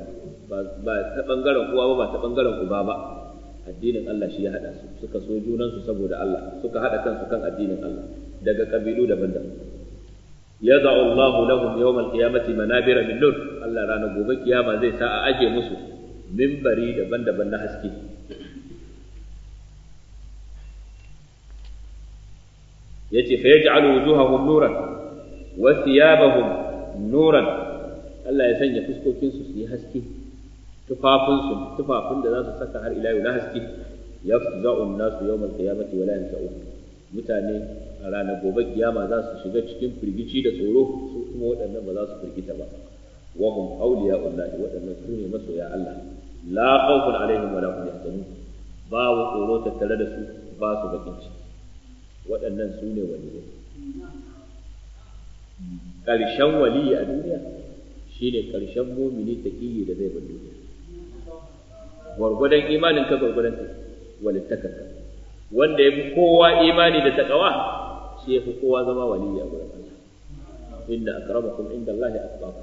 ba ta bangaren uwa ba ba ta bangaren uba ba addinin Allah shi ya hada su suka so junansu saboda Allah suka hada kansu kan addinin Allah daga kabilu daban-daban yad'u Allahu lahum yawm al-qiyamati manabira min nur Allah ranar gobe kiyama zai sa a aje musu mimbari daban-daban na haske yace fa yaj'alu wujuhahum nuran wa thiyabahum nuran Allah ya sanya fuskokin su su yi haske tufafinsu tufafin da za su saka har ila yau na haske ya fi za'un nasu yau mal kiyamati wala yanta'u mutane a ranar gobe kiyama za su shiga cikin firgici da tsoro su kuma waɗannan ba za su firgita ba wa hum awliya Allah waɗannan su ne masoya Allah la khawfun alaihim wala hum yahzanun babu tsoro tattare da su ba su bakin ciki waɗannan su ne wani ne. ƙarshen waliyi a duniya shine ƙarshen mumini taƙiyyi da zai bar duniya gwargwadon imanin ka gwargwadon ka walittakar ka wanda ya fi kowa imani da takawa shi ya fi kowa zama waliya gurin Allah inda akramakum inda Allah ya asbaku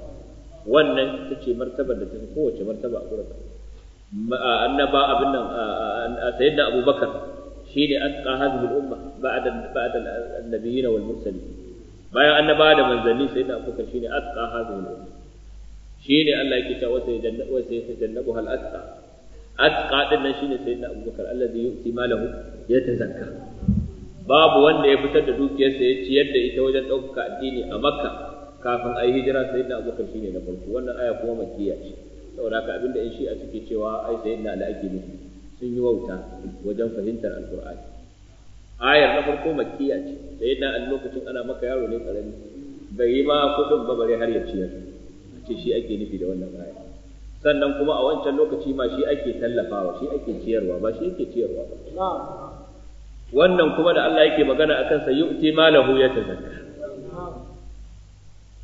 wannan ita ce martabar da ta fi kowace martaba a gurin annaba abin nan sayyidina abubakar shi ne an ƙa hazin umma ba'da ba'da annabiyina wal mursalin bayan annaba da manzanni sai Abubakar shi ne atqa hadhihi al-umma Shi ne Allah yake cewa sai jannabu hal atqa atqa din nan shine sayyidina abubakar allazi yu'ti malahu tazakka babu wanda ya fitar da dukiyarsa ya ciyar da ita wajen ɗaukaka addini a makka kafin a yi hijira sayyidina abubakar shine na farko wannan aya kuma makkiya ce saboda haka abinda in shi'a suke cewa ai sayyidina ali ake sun yi wauta wajen fahimtar alqur'ani ayar na farko makkiya ce sayyidina a lokacin ana maka yaro ne karami bai yi ma kudin ba bare har ya ciyar ce shi ake nufi da wannan aya sannan kuma a wancan lokaci ma shi ake tallafawa shi ake ciyarwa ba shi yake ciyarwa ba wannan kuma da Allah yake magana akan sa yu'ti malahu yatazakka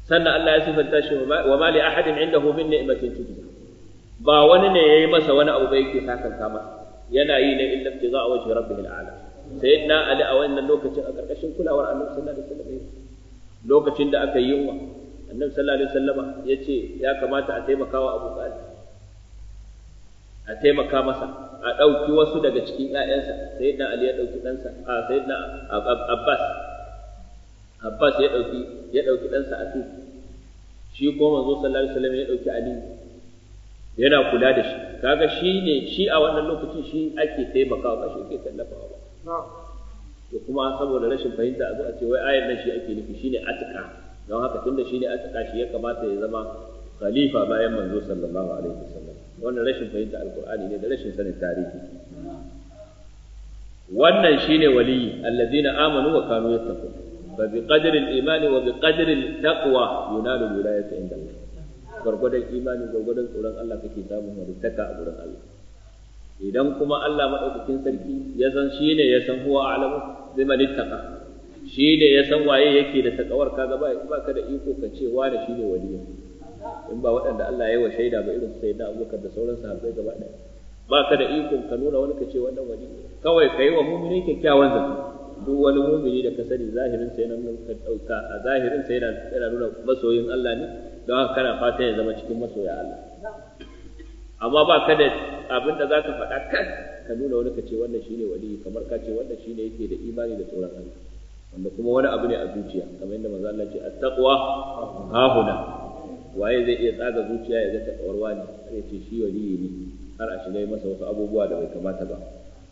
sannan Allah ya sifanta shi wa mali ahadin indahu min ni'matin tujza ba wani ne yayi masa wani abu ba yake sakanta masa yana yi ne illa ibtiza wajhi rabbil a'la sayyidina ali a wannan lokacin a karkashin kulawar annabi sallallahu alaihi wasallam lokacin da aka yi yunwa annabi sallallahu alaihi wasallam ya ce ya kamata a taimakawa abu talib a taimaka masa a ɗauki wasu daga cikin ‘ya'yansa sai na Ali ya ɗauki ɗansa a sai na Abbas Abbas ya ɗauki ya ɗauki ɗansa a tuki shi ko manzo sallallahu alaihi wasallam ya ɗauki Ali yana kula da shi kaga shi ne shi a wannan lokacin shi ake taimakawa ba shi ake tallafawa ba to kuma saboda rashin fahimta a zo a ce wai ayan nan shi ake nufi shine atika don haka tunda shine atika shi ya kamata ya zama khalifa bayan manzo sallallahu alaihi wasallam wannan rashin fahimta alqur'ani ne da rashin sanin tarihi wannan shine waliyi allazina amanu wa kanu yattaqun fa bi qadri al-imani wa bi qadri al-taqwa yunalu al-wilayatu inda Allah gurgudan imani gurgudan tsoron Allah kake samun walittaka a gurin Allah idan kuma Allah maɗaukakin sarki ya san shi ne ya san huwa alamu zai malittaka shi ne ya san waye yake da takawar ka gaba ba ka da iko ka ce wa da shi ne waliyin in ba waɗanda Allah ya yi wa shaida ba irin sai da abubakar da sauran sahabbai gaba ɗaya ba ka da ikon ka nuna wani ka ce wannan wani kawai ka yi wa mumini kyakkyawan zato duk wani mumini da ka sani zahirin sai nan ka ɗauka a zahirin sai yana nuna masoyin Allah ne don haka kana fata ya zama cikin masoya Allah amma ba ka da abin da za ka faɗa kan ka nuna wani ka ce wannan shine wani? kamar ka ce wannan shine yake da imani da tsoron Allah wanda kuma wani abu ne a zuciya kamar yadda manzo Allah ce at-taqwa ha huna waye zai iya tsaga zuciya ya ga taɓawar wani ya ce shi waliyi ne har a shiga masa wasu abubuwa da bai kamata ba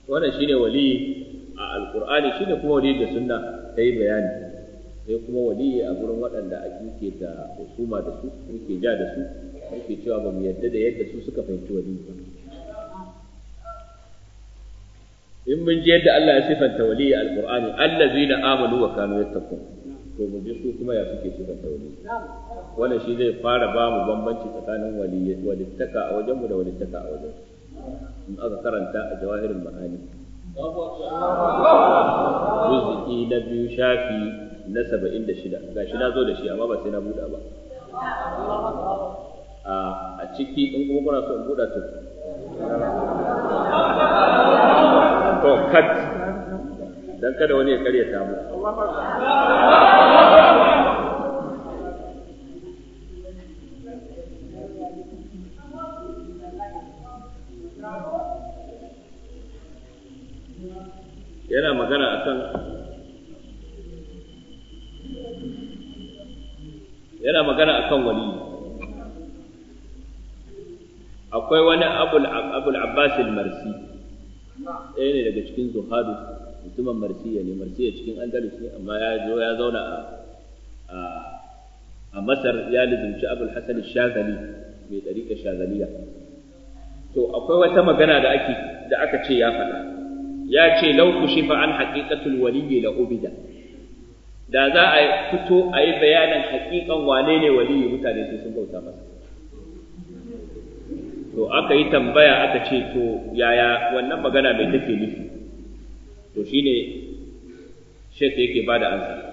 wannan shine waliyi a alqur'ani shine kuma waliyi da sunna ta yi bayani sai kuma waliyi a gurin waɗanda ake da husuma da su muke ja da su muke cewa ba mu yadda da yadda su suka fahimci waliyi ba in mun ji yadda Allah ya sifanta waliyi alqur'ani allazina amanu wa kanu yattaqun to mu je su kuma ya suke su da sauri wannan shi zai fara ba mu bambanci tsakanin walittaka a wajenmu da walittaka a wajen in aka karanta a jawahirin ma'ani juz'i na biyu shafi na saba'in da shida ga shi na zo da shi amma ba sai na buɗa ba a ciki in kuma kuna so in buɗa to to kat dan kada wani ya karya ta mu yana magana akan yana magana akan wali akwai wani abul abul marsi ɗaya ne daga cikin zuhadu mutumin marsiya ne marsiya cikin andalus ne amma ya zo ya zauna a a masar ya lizumci abul hasan shazali mai dariƙa shazaliya to akwai wata magana da ake da aka ce ya faɗa ya ce lau kushifa an haqiqatul waliyyi la ubida da za a fito a yi bayanin haƙiƙan wane ne waliyi mutane sai sun bauta masa to aka yi tambaya aka ce to yaya wannan magana mai take nufi to ne shek yake bada ansa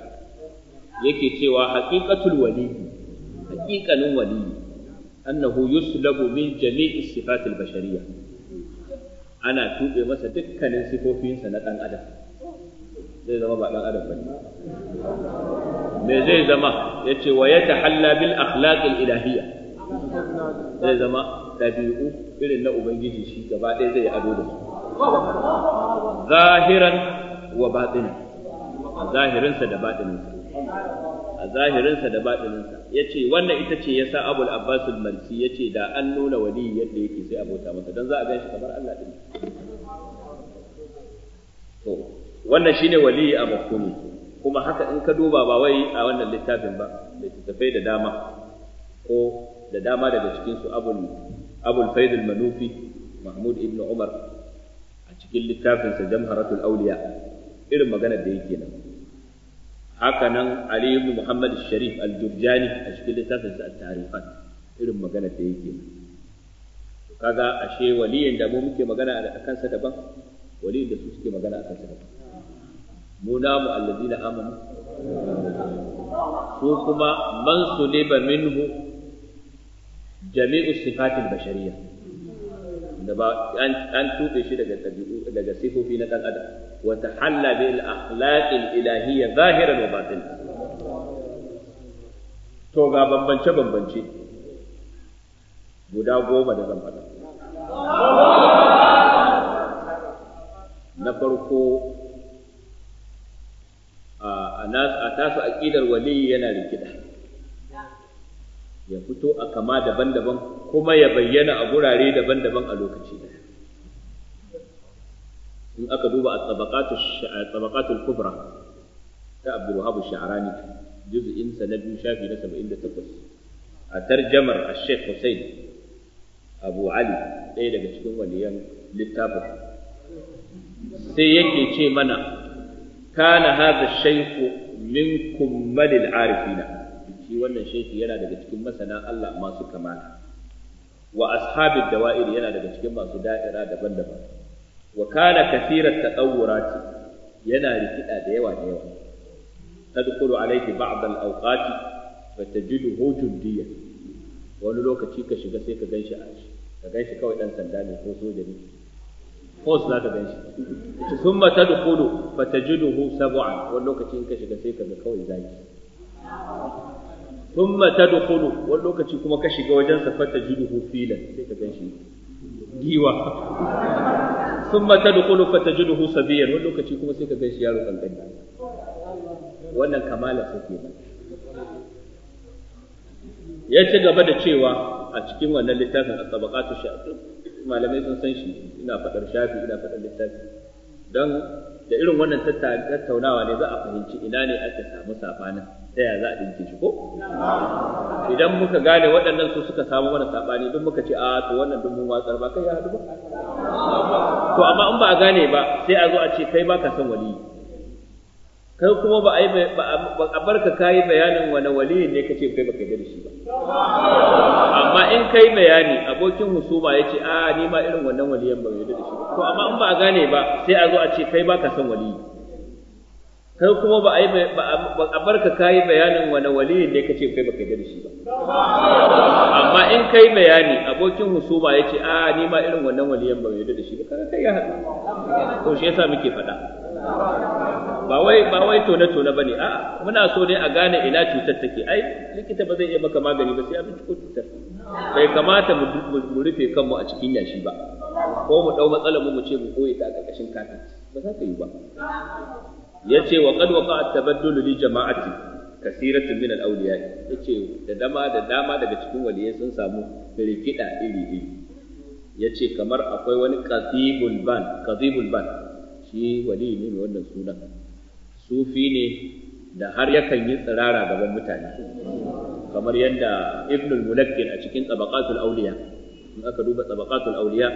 yake cewa haqiqatul wali haqiqanin wali annahu yuslabu min jami'i sifatil bashariyya ana tuɓe masa dukkanin sifofinsa na ɗan adam zai zama ba ɗan adam bane me zai zama yace wa tahalla bil akhlaqil ilahiyya zai zama dabi'u irin na ubangiji shi gaba ɗaya zai ado da su zahiran wa a zahirinsa da baɗininsa. a zahirinsa da batininsa yace wannan ita ce ya sa abul abbasul al ya ce da an nuna wali yadda yake sai abota masa don za a gan shi kamar Allah din to wannan shine wali a mafhumi kuma haka in ka duba ba wai a wannan littafin ba littattafai da dama ko da dama daga cikinsu abul abul faid al-manufi mahmud ibn umar cikin littafinsa jamharatul auliya irin maganar da yake nan haka nan ali ibn muhammad sharif al durjani a cikin littafinsa at-tarifat irin maganar da yake nan kaga ashe waliyin da mu muke magana a kansa daban waliyin da su suke magana a kansa daban mu namu allazina amanu su kuma man suliba minhu jami'u sifatil bashariyah da ba an tuɓe shi daga tabi'u daga sifofi na ɗan adam wa tahalla bil akhlaqil ilahiyya zahiran wa batin to ga bambance bambance guda goma da zan faɗa na farko a tasu aƙidar waliyi yana rikida ya fito a kama daban-daban kuma ya bayyana a gurare daban-daban a lokaci ɗaya in aka duba a tsabakatul kubra ta abdulwahab sha'arani juz'in sa na biyu shafi na saba'in da takwas a tarjamar a shek hussein abu ali ɗaya daga cikin waliyan littafin sai yake ce mana kana hadha shaykhu minkum malil arifina shi wannan shaiku yana daga cikin masana Allah masu kamala wa ashabid dawa'ir yana daga cikin masu da'ira daban-daban wa kana kathirat tatawurat yana rikida da yawa da yawa tadkhulu alayhi ba'd al-awqat fa tajiduhu jundiya wani lokaci ka shiga sai ka ganshi a ka ganshi kawai dan sanda ne ko soja ne force za ka ganshi kudu ba ta fa tajiduhu sab'an wani lokaci in ka shiga sai ka ga kawai zaki thumma tadkhulu wani lokaci kuma ka shiga wajen sa fata juduhu filan sai ka ganshi giwa thumma tadkhulu fata juduhu sabiyan wani lokaci kuma sai ka ganshi yaro wannan ya ci gaba da cewa a cikin wannan littafin asabaqatu shafi malamai sun san shi ina fadar shafi ina fadar littafi dan da irin wannan tattaunawa ne za a fahimci ina ne aka samu safanin. ta yaya za a dinke shi ko idan muka gane waɗannan su suka samu mana sabani duk muka ce a to wannan duk mun watsar ba kai ya haɗu ba to amma in ba a gane ba sai a zo a ce kai ba ka san wali kai kuma ba a ba a barka kai bayanin wani wali ne kace kai baka yarda da shi ba amma in kai bayani abokin husuma ya ce a ni ma irin wannan waliyan ba yadda da shi to amma in ba a gane ba sai a zo a ce kai ba ka san wali kai kuma ba a yi a barka kai bayanin wani wali ne ce kai baka da shi ba amma in kai bayani abokin husuma ya ce a ni ma irin wannan waliyan ba yadda da shi ba kaga kai ya hadu to shi yasa muke faɗa ba wai ba wai to na bane a muna so ne a gane ina cutar take ai likita ba zai iya maka magani ba sai a binciko cutar bai kamata mu rufe kanmu a cikin yashi ba ko mu dau matsalar mu mu ce mu koyi ta a ƙarƙashin kafin ba za ka yi ba yace wa qad a at-tabaddul li jama'ati kasiratin min al-awliya yace da dama da dama daga cikin waliyai sun samu firkida iri iri yace kamar akwai wani qadibul ban qadibul ban shi wali ne mai wannan sunan sufi ne da har yakan yi tsirara gaban mutane kamar yadda ibnul mulakkin a cikin tabaqatul awliya in aka duba tabaqatul awliya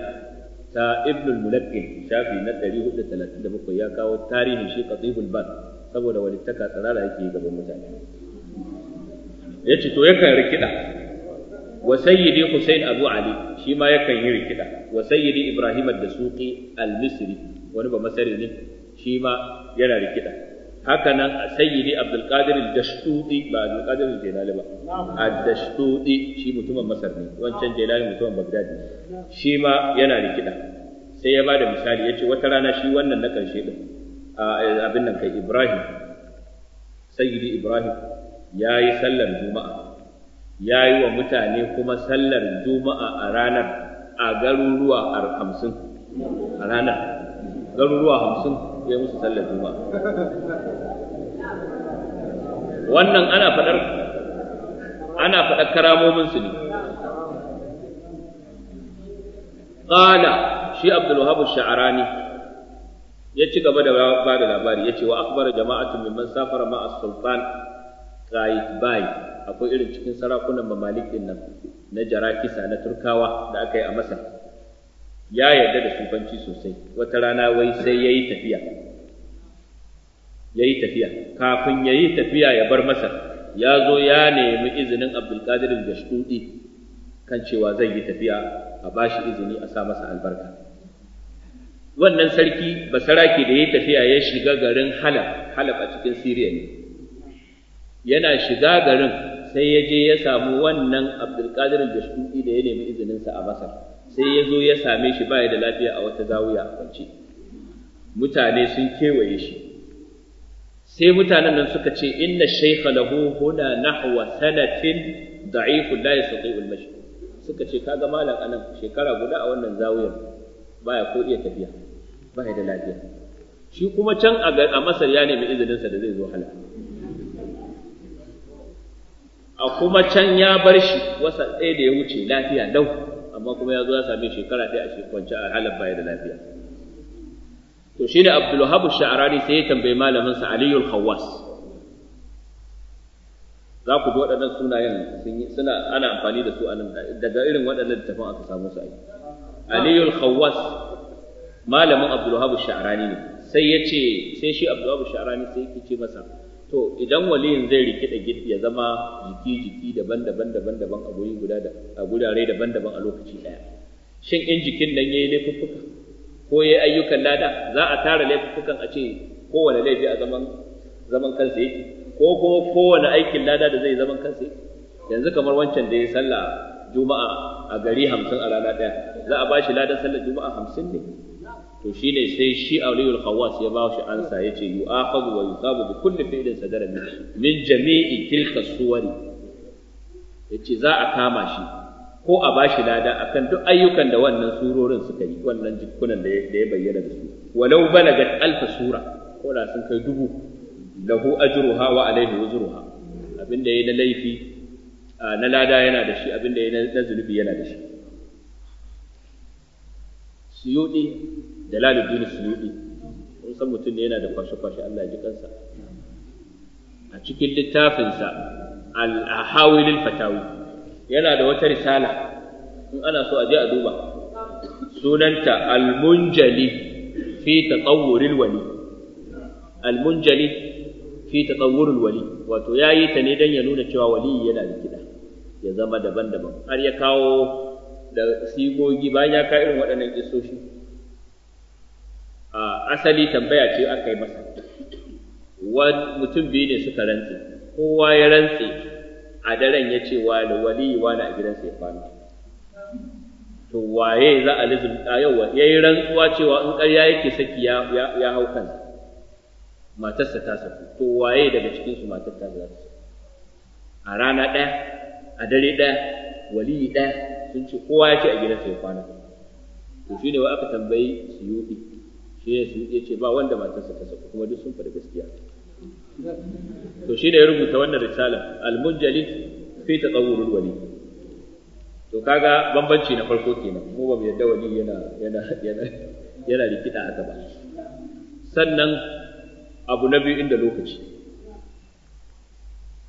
ta ibnul mulaqqin shafi na 437 ya kawo tarihin shi qatibul bal saboda walittaka tsarara yake gaban mutane yace to yakan rikida wa sayyidi husayn abu ali shi ma yakan yi rikida wa sayyidi ibrahim ad-dasuqi al-misri wani ba masari ne shi ma yana rikida haka nan sayyidi abdul qadir al-dashtuti ba abdul qadir al-jilali ba al-dashtuti shi mutumin masar ne wancan jilali mutumin bagdad ne shi ma yana rikida sai ya bada misali yace wata rana shi wannan na karshe din abin nan kai ibrahim sayyidi ibrahim yayi sallar juma'a yayi wa mutane kuma sallar juma'a a ranar a garuruwa hamsin a ranar garuruwa hamsin ya musu sallar juma'a wannan ana faɗar ana faɗar ne Ƙala. shi abdulwahab wahab sha'rani ya ci gaba da ba da labari ya ce wa akbar jama'atu mimman safara ma as-sultan qaid bai akwai irin cikin sarakunan mamalik din nan na jarakisa na turkawa da aka yi a masar ya yarda da shugabanci sosai wata rana wai sai yayi tafiya ya yi tafiya kafin ya yi tafiya ya bar masar ya zo ya nemi izinin abdulkadir gashtuɗi kan cewa zai yi tafiya a ba shi izini a sa masa albarka wannan sarki basaraki da ya tafiya ya shiga garin halab halab a cikin siriya ne yana shiga garin sai ya je ya samu wannan abdulkadir gashtuɗi da ya nemi izininsa a masar sai ya zo ya same shi baya da lafiya a wata zawiya a kwance mutane sun kewaye shi sai mutanen nan suka ce inna shaykha lahu huna nahwa sanatin da'if la yastati'u al-mashi suka ce kaga malam anan shekara guda a wannan zawiyar baya ko iya tafiya baya da lafiya shi kuma can a Masar ya nemi izinin sa da zai zo halaka a kuma can ya bar shi wasa ɗaya da ya wuce lafiya lau amma kuma ya zo ya same shekara ɗaya a shekwance a halar baya da lafiya to shine Abdul Wahhab Sha'rani sai ya tambayi malaminsa sa Ali al-Khawwas za ku ji waɗannan sunayen suna ana amfani da su a nan daga irin waɗannan littafin aka samu su aiki. Ali al-Khawwas malamin Abdul Wahhab Sha'rani ne sai ya ce sai shi Abdul Wahhab Sha'rani sai yake ce masa to idan waliyin zai rikida ya zama jiki-jiki daban-daban daban-daban a guri guda a gurare daban-daban a lokaci ɗaya shin in jikin nan yayi laifuffuka ko ya yi ayyukan lada za a tara laifukan a ce kowane laifi a zaman zaman kansa yake ko kuma kowane aikin lada da zai zaman kansa yake yanzu kamar wancan da ya sallah juma'a a gari hamsin a rana ɗaya za a ba shi ladan sallah juma'a hamsin ne to shi ne sai shi auliyul khawas ya ba shi ansa ya ce yu akhadhu wa yusabu bi kulli fi'lin sadara min min jami'i tilka suwari yace za a kama shi ko a bashi lada akan duk ayyukan da wannan surorin suka yi wannan jikunan da ya bayyana da su walau balagat alfa sura ko da sun kai dubu lahu ajruha wa alaihi wuzruha abin da yayi na laifi na lada yana da shi abin da yayi na zunubi yana da shi suyudi dalaluddin suyudi kun san mutum ne yana da kwashe-kwashe Allah ya ji kansa a cikin littafinsa al-ahawilil fatawi yana da wata risala in ana so a je a duba sunanta almunjali fi tatawwuril wali almunjali fi tatawwuril wali wato yayi ta ne dan ya nuna cewa wali yana da kida ya zama daban-daban har ya kawo da sigogi bayan ya kai irin waɗannan kisoshi a asali tambaya ce aka yi masa mutum biyu ne suka rantse kowa ya rantse a daren ya ce wani wali wani a gidan ya kwana to waye za a a yau ya yi rantsuwa cewa in ƙarya yake saki ya hau kansa matarsa ta saku to waye daga cikinsu matar ta za su a rana ɗaya a dare ɗaya wali ɗaya sun ce kowa ya ce a gidan ya kwana to shi ne wa aka tambayi suyuɗi shi ne su ya ce ba wanda matarsa ta saku kuma duk sun faɗi gaskiya to shi da ya rubuta wannan risala al-munjali fi tatawurul wali to kaga bambanci na farko kenan mu ba mu yadda wali yana yana yana yana rikida ba sannan abu na biyu inda lokaci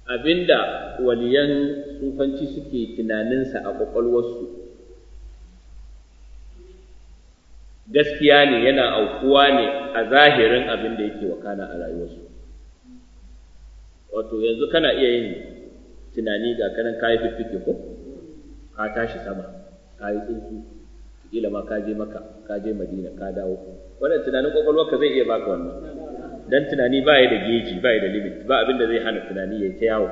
abinda waliyan tsufanci suke tunaninsa a kwakwalwarsu gaskiya ne yana aukuwa ne a zahirin abin da yake wakana a rayuwarsu wato yanzu kana iya yin tunani ga kanan kayi fiffike ko ka tashi sama ka yi tsuntsu kila ma ka je maka ka je madina ka dawo wannan tunanin ka zai iya baka wannan dan tunani ba ya da geji ba ya da limit ba abin da zai hana tunani ya ta yawo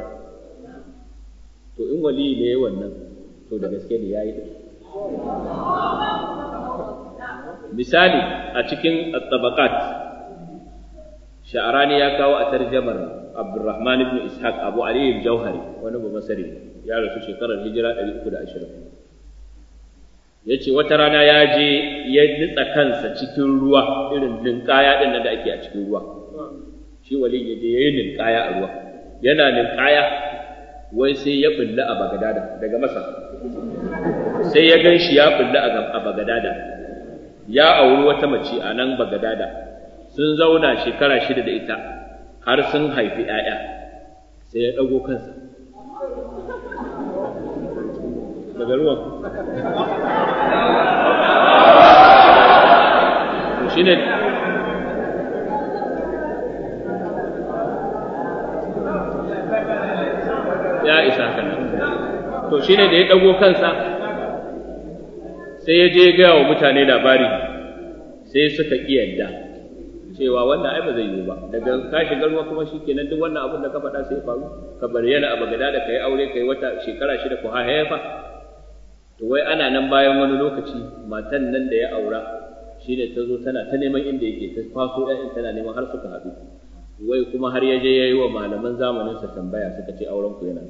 to in wali ne wannan to da gaske ne yayi da misali a cikin at-tabaqat sha'arani ya kawo a tarjamar Abdurrahman ibn Ishaq Abu Ali ibn Jauhari wani ba masari ya rasu shekarar hijira 320 yace wata rana ya je ya nitsa kansa cikin ruwa irin ninkaya din da ake a cikin ruwa shi wali ya je yayin ninkaya a ruwa yana ninkaya wai sai ya bulla a Bagadada daga masa. sai ya gan shi ya bulla a Bagadada ya auri wata mace a nan Bagadada sun zauna shekara shida da ita har sun haifi ‘ya'ya sai ya ɗago kansa daga ruwan shi ne ya isa kana to shi ne da ya ɗago kansa sai ya je gaya wa mutane labari sai suka ƙi yadda cewa wannan ai ba zai yiwu ba daga ka shiga ruwa kuma shikenan duk wannan abin da ka faɗa sai faru ka bayyana a bagada da kai aure kai wata shekara shida ko ha haifa to wai ana nan bayan wani lokaci matan nan da ya aura shi ne ta tana ta neman inda yake ta kwaso ƴaƴan tana neman har suka haɗu wai kuma har ya je ya yi wa malaman zamanin sa tambaya suka ce auren ku yana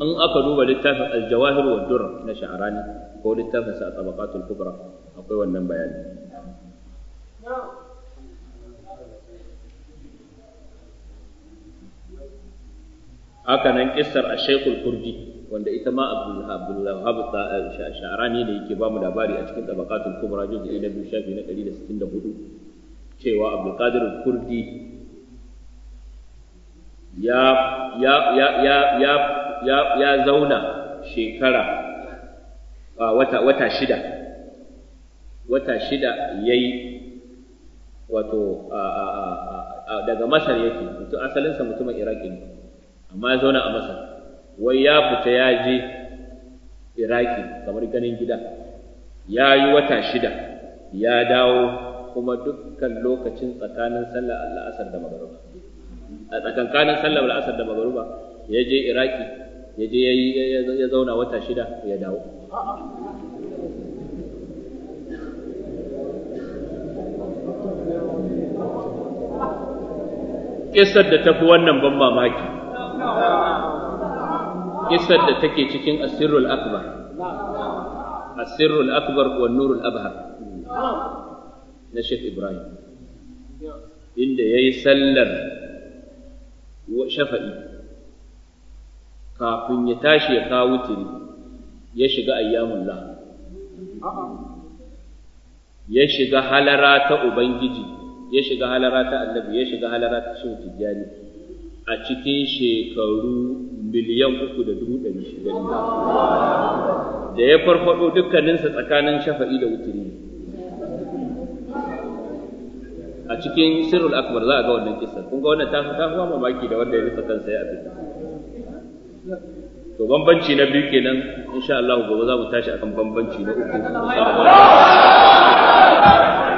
in aka duba littafin al-jawahir wa durr na sha'arani ko littafin sa tabaqatul kubra akwai wannan bayani haka nan kissar a shekul kurdi wanda ita ma eh, shara ne da yake bamu labari a cikin tabakatul kubra juz'i na biyu shafi na 164 cewa abdulkadir kurdi ya ya ya ya ya ya ya zauna shekara ah, wata wata shida wata shida yayi wato daga masar yake mutum asalinsa mutumin iraki ne amma ya zauna a masar wai ya fita ya je iraki kamar ganin gida ya yi wata shida ya dawo kuma dukkan lokacin tsakanin sallar al'asar da magaruba a tsakankanin sallar al'asar da magaruba ya je iraki ya je ya zauna wata shida ya dawo kisar da tafi wannan ban mamaki ƙisar da take cikin asirul akbar asirul akbar wa nurul abhar na Sheikh Ibrahim inda yayi sallar shafa'i kafin ya tashi ya kawo tiri ya shiga la ya shiga halara ta ubangiji ya shiga halara ta annabi ya shiga halara ta shehu tijjani a cikin shekaru miliyan uku da dubu ɗari shida da ya farfado dukkaninsa tsakanin shafa'i da wuturi a cikin sirrul akbar za a ga wannan kisa kun ga wannan ta ta kuma mamaki da wanda ya rufe kansa ya abin to bambanci na biyu kenan insha Allah gobe za mu tashi akan bambanci na uku